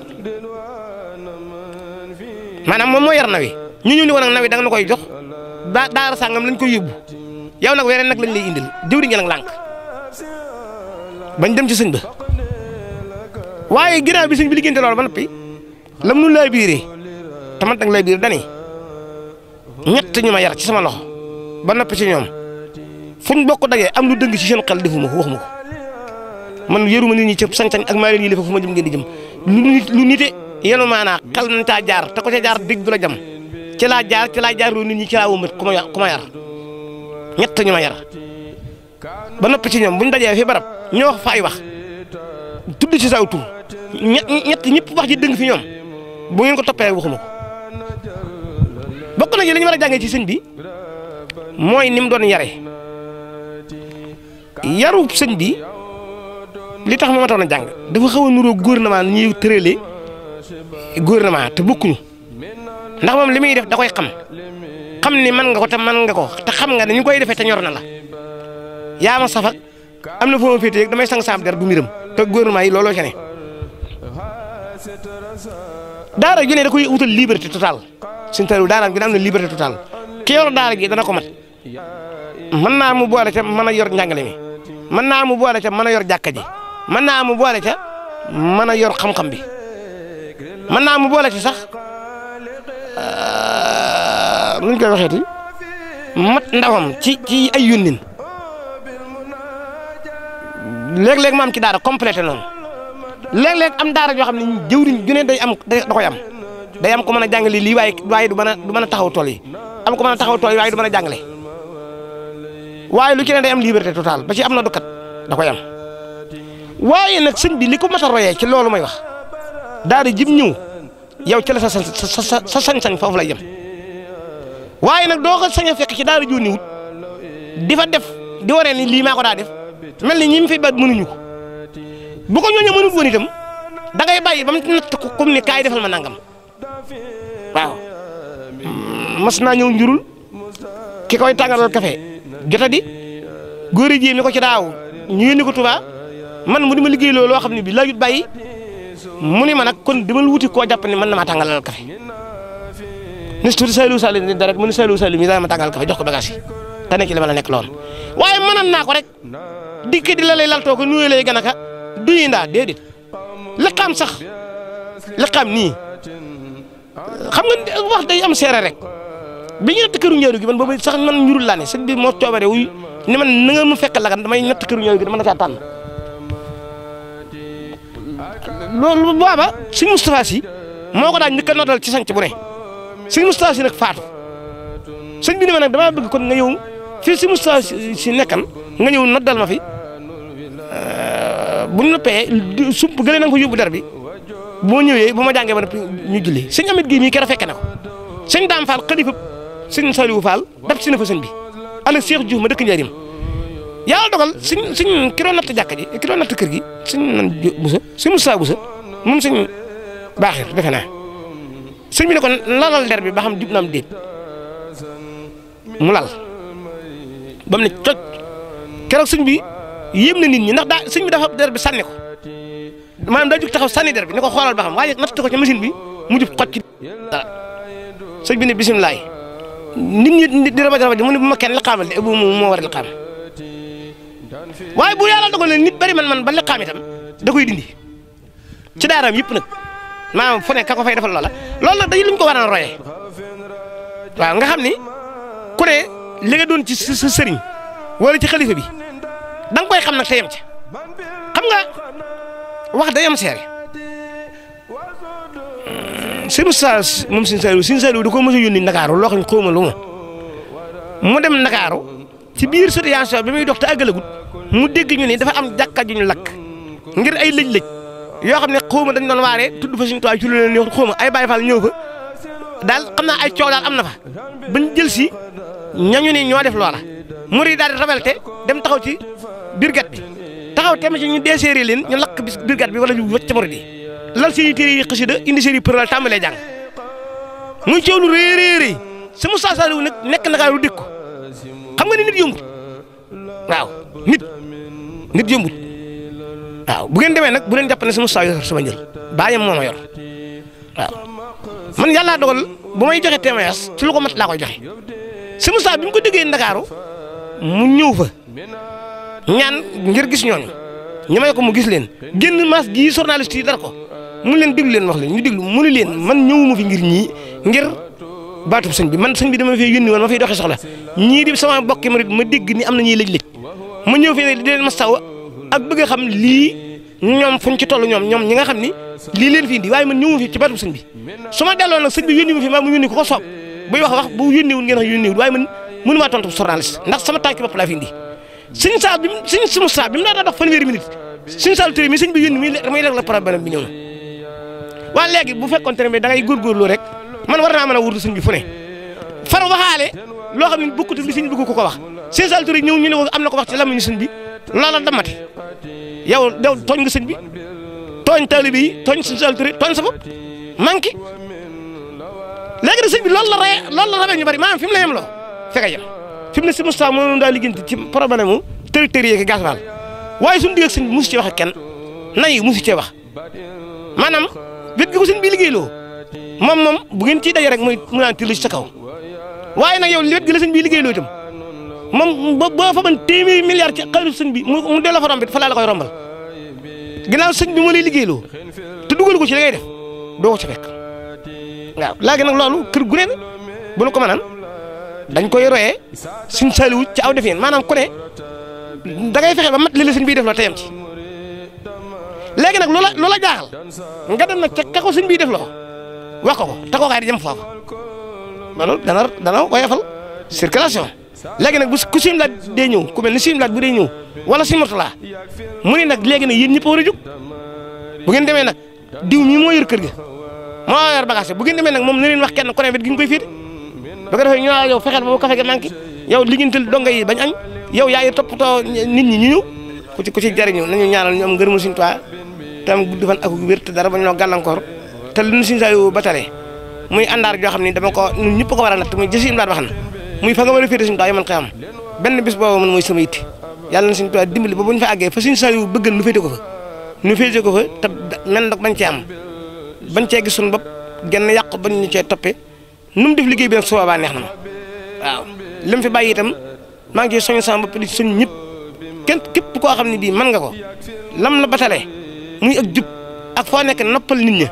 maanaam moom moo yar nawi ñu ñëw ni woon nag nawi da nga koy jox daa daara sàngam lañ koy yóbbu yow nag weneen nag lañ lay indil jëwriñ nga nag lànk bañ dem ci sëñ ba waaye ginnaaw bi sëñ bi ba noppi lam nu lay biiree tamat nag lay biir dani ñett ñu yar ci sama loxo ba noppi ci ñoom fuñ bokk dagee am lu dëng ci seen xel defuma ko waxuma ko man yëruma nit ñi ci sañ-sañ ak maa leen yi fu ma jëm ngeen di jëm lu nit lu nite maanaa xel nañ caa jaar te ko ca jaar dégg du la jam ci laa jaar ci laa nit ñi ci laa wóomat ku ma yar ku ma yar ñett ñu ma yar ba noppi ci ñoom buñ dajee barab ñoo wax fa ay wax tudd ci saw tur ñett ñëpp wax ji dëng fi ñoom bu ngeen ko toppee wax ko bokk na ci li ñu war a jàngee ci sëñ bi mooy ni mu doon yare yarub sëñ bi li tax ma matoon a jàng dafa xaw a nuroo gouvernement ñuy tëralee gouvernement te bokkuñu ndax moom li muy def da koy xam xam ni mën nga ko te mën nga ko te xam nga ne ñu koy defee te ñor na la yaa ma safak am na foo ma féetee damay sang saab der du miram te gouvernement yi looloo ca ne daara ju ne da koy wutal liberté totale suñu tëru daara gi da am na liberté totale ki yor daara gi dana ko mat mën naa mu boole te mën a yor njàngale mi. mën naa mu boole ca mën a yor jàkka ji mën naa mu boole ca mën a yor xam-xam bi mën naa mu boole ci sax euh, nuñ koy waxeeti mat ndawam ci ci ay yunnin léeg-léeg ma am ci daara complété noonu léeg-léeg am daara yoo xam ne jëwriñ ju ne day am da koy am day am ko mën a jàngale lii waaye waaye du mën a du a taxaw tool yi am ko mën a taxaw tool yi waaye du mën a jàngale waaye lu ci ne day am liberté totale ba ci am na dukat da koy am waaye nag sëñ bi li ko mat a royee ci loolu may wax daal di jëm ñëw yow ci la sa sa sa sañ-sañ foofu lay jëm waaye nag doo ko sañ a fekk ci daal di jóoni wut di fa def di waree ni lii maa ko daa def mel ni ñi mu fi ba mënuñu ko bu ko ñooñu mënut woon itam da ngay bàyyi ba mu natt ko comme ni kaay defal ma nangam waaw mm, mas naa ñëw njurul ki koy tàngalal kafe jotadi góor yi jéem ni ko ci daaw ñu yónni ko Touba man mu di ma liggéey loolu loo xam ne bii laajut bàyyi mu ni ma nag kon demal wuti koo jàpp ne mën na maa tàngalal kafe ni si tuuti Saliou Saliou ni dara mu ni Saliou Saliou mi daan ma tàngalal kafe jox ko bagage yi te nekk ci li ma la nekk lool waaye mënoon naa rek dikk di la lay laltoo ko nuyoo lay gën a ka duñu ndaa déedéet liqaam sax liqaam nii xam nga wax seere rek. bi ñu natt këru njaaru gi man boobu sax man ñurul laa ne sëñ bi moo coobare wuy ni man na nga mu fekk lagan damay natt këru njaaru gi dama la caa tànn loolu booba sëñ Moustapha si moo ko daan njëkk a noddal ci sanc bu ne sëñ Moustapha si nag faatu sëñ bi ni ma nag damaa bëgg kon nga yow fii sëñ Moustapha si nekkan nga ñëw noddal ma fi bu ñu noppee sump gëlee na nga ko yóbbu der bi boo ñëwee bu ma jàngee ba ñu julli sëñ Amet sëñ Saliou faal dab si na fa sëñ bi ànd ak Cheikh ma dëkk Njaarim yàlla dogal sëñ sëñ ki doon natt jàkka ji ki doon natt kër gi sëñ nan Busa sëñ Moussa Busa moom sëñ baaxir defe naa sëñ bi ne ko lalal der bi ba xam jub na am déet mu lal ba mu ne coj keroog bi yéem na nit ñi ndax daa sëñ bi dafa der bi sànni ko maanaam daa jug taxaw sànni der bi ne ko xoolal ba xam waaye natt ko ci machine bi mu jub xoj ci dara sëñ bi ne bisimilaay nit ñi di rafet rafet mu ne bu ma kenn liqaamal de bu moo war a liqaam waaye bu yàlla dogal ne nit bari man man ba liqaam itam da koy dindi ci daaraam yëpp nag maanaam fu nekk ka ko fay defal loola loolu nag dañu luñ ko war a waa nga xam ni ku ne li nga doon ci sa sëriñ wala ci xalifa bi da nga koy xam nag te yem ca xam nga wax day am seere Sëriñ Saas moom Sëriñ Saaliw Sëriñ Saaliw da ko mos a yónni Ndakaaru loo xam ne xaw ma mu dem Ndakaaru ci biir situation bi muy dox te àggalagut mu dégg ñu ne dafa am jàkka ju ñu lakk ngir ay lëj-lëj yoo xam ne xaw ma dañ doon waaree tudd fa suñu tuwaay ci lu leen neex xaw ma ay Baay Faal ñëw fa daal xam na ay coow daal am na fa bañ jël si ñañu ne ñoo def loola mur yi daal di rabelte dem taxaw ci biir gat bi taxaw tem ci ñu deeseeree leen ñu lakk bis biir gat bi wala ñu ca mur yi lal seen i téere yi xasida indi seen i përël tàmbalee jàng muy coow lu rëy rëy rëy sa Moussa Saliou nekk na lu dikk xam nga ni nit yombut waaw nit nit yombut waaw bu ngeen demee nag bu leen jàpp ne sa Moussa yor sama njël bàyyam moo ma yor waaw man yàlla dogal bu may joxe témoignage ci lu ko mat laa koy joxe sa Moussa bi mu ko déggee Ndakaaru mu ñëw fa ñaan ngir gis ñooñu ñu may ko mu gis leen génn maas gii journaliste yi dara ko mun leen déglu leen wax leen ñu déglu mënu leen man ñëwuma fi ngir ñii ngir baatub sëñ bi man sëñ bi dama fee yónni woon ma fiy doxee soxla ñii di sama bokki murit ma ni am na ñuy lëj-lëj ma ñëw fii di leen mastaw xam lii ñoom fuñ ci toll ñoom ñoom ñi nga xam ni lii leen fi indi waaye man ñëwuma bi su ma ma fi maa mu yónni ko ko soob buy wax wax bu yónniwul ngeen wax yónniwul waaye man mënu maa tontu journaliste ndax sama tànki bopp laa fi indi sëñ saa bi sëñ sumu saa bi mu daa daa dox fanweeri minute sëñ saa lu mi sëñ bi yónni muy leeg la problème bi ñëw waaye léegi bu fekkoon ne da ngay góorgóorlu rek man war naa mën a wurdu sëñ bi fu ne far waxaale loo xam ne bokkut li sëñ bi ko ko wax seen sal tur ñëw ñu ne ko am na ko wax ci lamiñu sëñ bi loola damate yow daw tooñ nga sëñ bi tooñ taalibe yi tooñ seen sal tur tooñ sa bopp manqué léegi nag sëñ bi loolu la rey loolu la rabee ñu bari maanaam fi mu la yem loo fekk yem fi mu ne si Moustapha moo noonu daal liggéeyante ci problème mu territoire yi ak gasoil waaye suñu digg ak sëñ bi mosu ci wax ak kenn nay mosu cee wax maanaam wet gi ko bi liggéeyloo moom moom bu ngeen ciy daje rek muy mu naan tirlu ci sa kaw waaye nag yow wet gi la sëñ bi liggéeyloo itam moom ba boo fa ban téeméeri milliards ci xaru sëñ bi mu delloo fa rombit fa laa la koy rombal ginnaaw sëñ bi moo lay liggéeyloo te dugal ko ci li ngay def doo ko ci fekk waaw léegi nag loolu kër gu ne bu nu ko mënaan dañ koy royee suñ saaliwu ci aw defin maanaam ku ne da ngay ba mat li la sëñ bi def la teyam ci léegi nag loola loola jaaxal nga dem nag ca kako si mbii def loo wax ko ko te kookaay di jëm foofu loolu dana dana woyofal circulation léegi nag bu ku suñ laaj dee ñëw ku mel ni bu dee ñëw wala suñ motulaa mu ne nag léegi nag yéen ñëpp a war a jóg bu ngeen demee nag diw mii moo yor kër gi moo yor bagage bu ngeen demee nag moom na leen wax kenn ku ne wet gi nga koy fiir ba ko defee ñu yow fexeel ba bu kafe gi manqué yow liggéeyantal donga yi bañ añ yow yaa ngi ñi ñu ñëw ku ci ku ci jariñu nañu ñaanal ñu am ngërëmu te am gudd fan ak wér te dara ba ñoo gàllankoor te lu nu suñu saa yu ba tale muy àndaar joo xam ni dama ko ñun ñëpp ko war a natt muy jësi im laat waxan muy fa nga war a féete suñu daa yoman xiyam benn bis boobu man mooy sama yitti yàlla na suñu tubaab dimbali fa àggee fa suñu saa yu bëggal nu féete ko ko fa te mel nag bañ cee am bañ cee gis suñu bopp genn yàq bañ ñu cee toppe nu mu def liggéey bi nag su neex na ma waaw lim fi bàyyi itam maa ngi ciy soññ sama bopp di soñ ñëpp kenn képp koo xam ne bii man nga ko lam la batalee muy ak jub ak foo nekk noppal nit ñi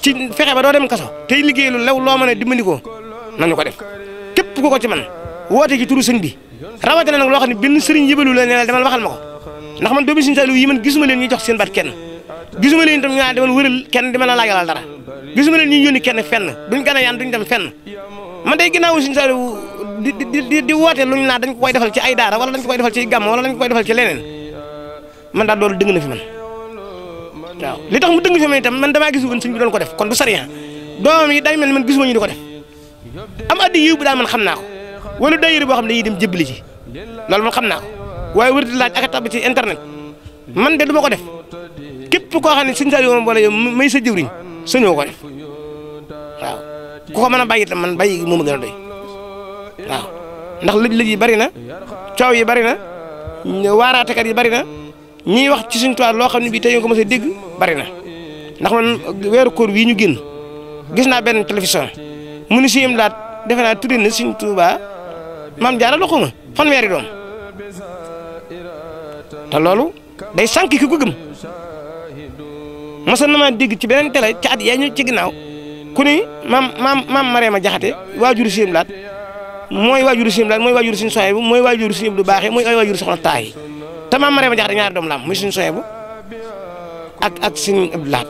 ci fexe ba doo dem kaso tey liggéey lu lew loo mën a dimbali ko nañu ko def képp ku ko ci man woote ci turu sëñ bi rawatina nag loo xam ne benn sëriñ yëbalu la ne la demal waxal ma ko ndax man doomi sëñ Saliou yi man gisuma leen ñuy jox seen baat kenn gisuma leen itam ñaa demal wëral kenn di ma la laajalal dara gisuma leen ñuy kenn fenn duñ gën a yaan duñ dem fenn man day ginnaaw sëñ Saliou di di di woote luñ naa dañ ko koy defal ci ay daara wala dañ ko koy defal ci gàmm wala dañ ko koy defal ci leneen man daal loolu dëgg na fi waaw li tax mu dëng fi ma man damaa gisu woon sëñ bi doon ko def kon du sariya doomam yi day mel man gisuma ñu di ko def am addi yiw bu daal man xam naa ko wala daayira boo xam ne dañuy dem jëbbali ci loolu man xam naa ko waaye wërdi laaj ak internet man de du ma ko def képp koo xam ne sëñ Saliou moom wala yow may sa jëwriñ sëñoo ko def waaw ku ko man a bàyyi itam man bàyyi gi moom a gën a doy ndax lëj-lëj yi bari na coow yi bari na waaraatekat yi bari na ñiy wax ci Sëñ Tuubaa loo xam ne bii tey nga ko mos a dégg bari na ndax man weeru koor wii ñu génn gis naa benn télévision mu ni si laat defe naa tudde na Sëñ Tuubaa maam jaara la ko ma fanweeri doom te loolu day sànq ki ko gëm mosoon na dégg ci beneen télé ci at yaa ñu ci ginnaaw ku ni maam maam maam Marème Jaxate waajuru si laat mooy waajuru si laat mooy waajuru Sëñ Suwaybu mooy waajuru Sëñ Abdu Baaxe mooy waajuru soxna Taay te maam Mariama Jaxate ñaari doom la am muy suñu soyebu ak ak suñu Abdoulaat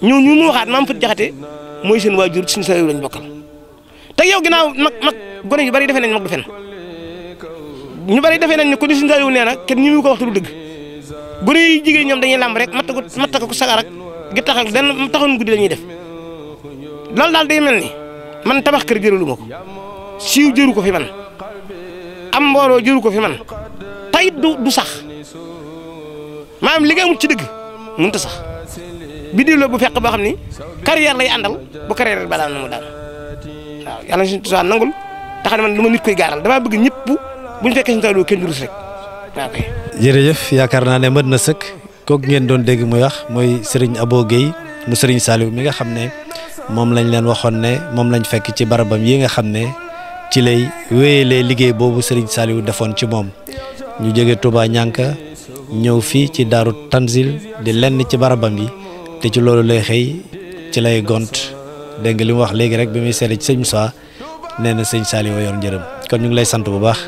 ñoo ñu mu waxaat maam Faty Jaxate mooy seen waajur suñu soyebu lañ bokkal te yow ginnaaw mag mag gone yu bari defe nañ mag du fen ñu bari defee nañ ne ko di suñu soyebu nee na kenn ñu mu ko wax lu dëgg gone yi jigéen ñoom dañuy làmb rek mattaku mattaku sagar ak gi taxal den taxoon guddi lañuy def loolu daal day mel ni man tabax kër jëralu ma ko siiw jëru ko fi man am mbooloo jëru ko fi man tayit du sax maanaam li ngay ci dëgg mënut a sax biddew la bu fekk boo xam ni carrière lay àndal bu carrière balaa na mu daal waaw yàlla na suñu tuutiwaan nangul tax na man damaa bëgg ñëpp bu fekkee suñu taaloo kenn yaakaar naa ne mën na sëkk kook ngeen doon dégg muy wax mooy Serigne aboo Guèye mu Serigne Saliou mi nga xam ne moom lañ leen waxoon ne moom lañu fekk ci barabam yi nga xam ne ci lay wéyalee liggéey boobu Serigne Saliou defoon ci moom ñu jóge Touba Ñànka ñëw fii ci daaru tanzil di lenn ci barabam yi te ci loolu lay xëy ci lay gont dégg li mu wax léegi rek bi muy seede ci sëñu saa nee na sëñ Saliou yor njërëm kon ñu ngi lay sant bu baax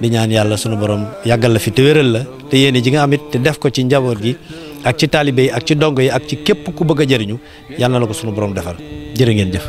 di ñaan yàlla sunu borom yàggal la fi te wéral la te yéene ji nga am it te def ko ci njaboot gi ak ci taalibe yi ak ci dongo yi ak ci képp ku bëgg a jëriñu yàlla na la ko sunu borom defal jërë ngeen jëf.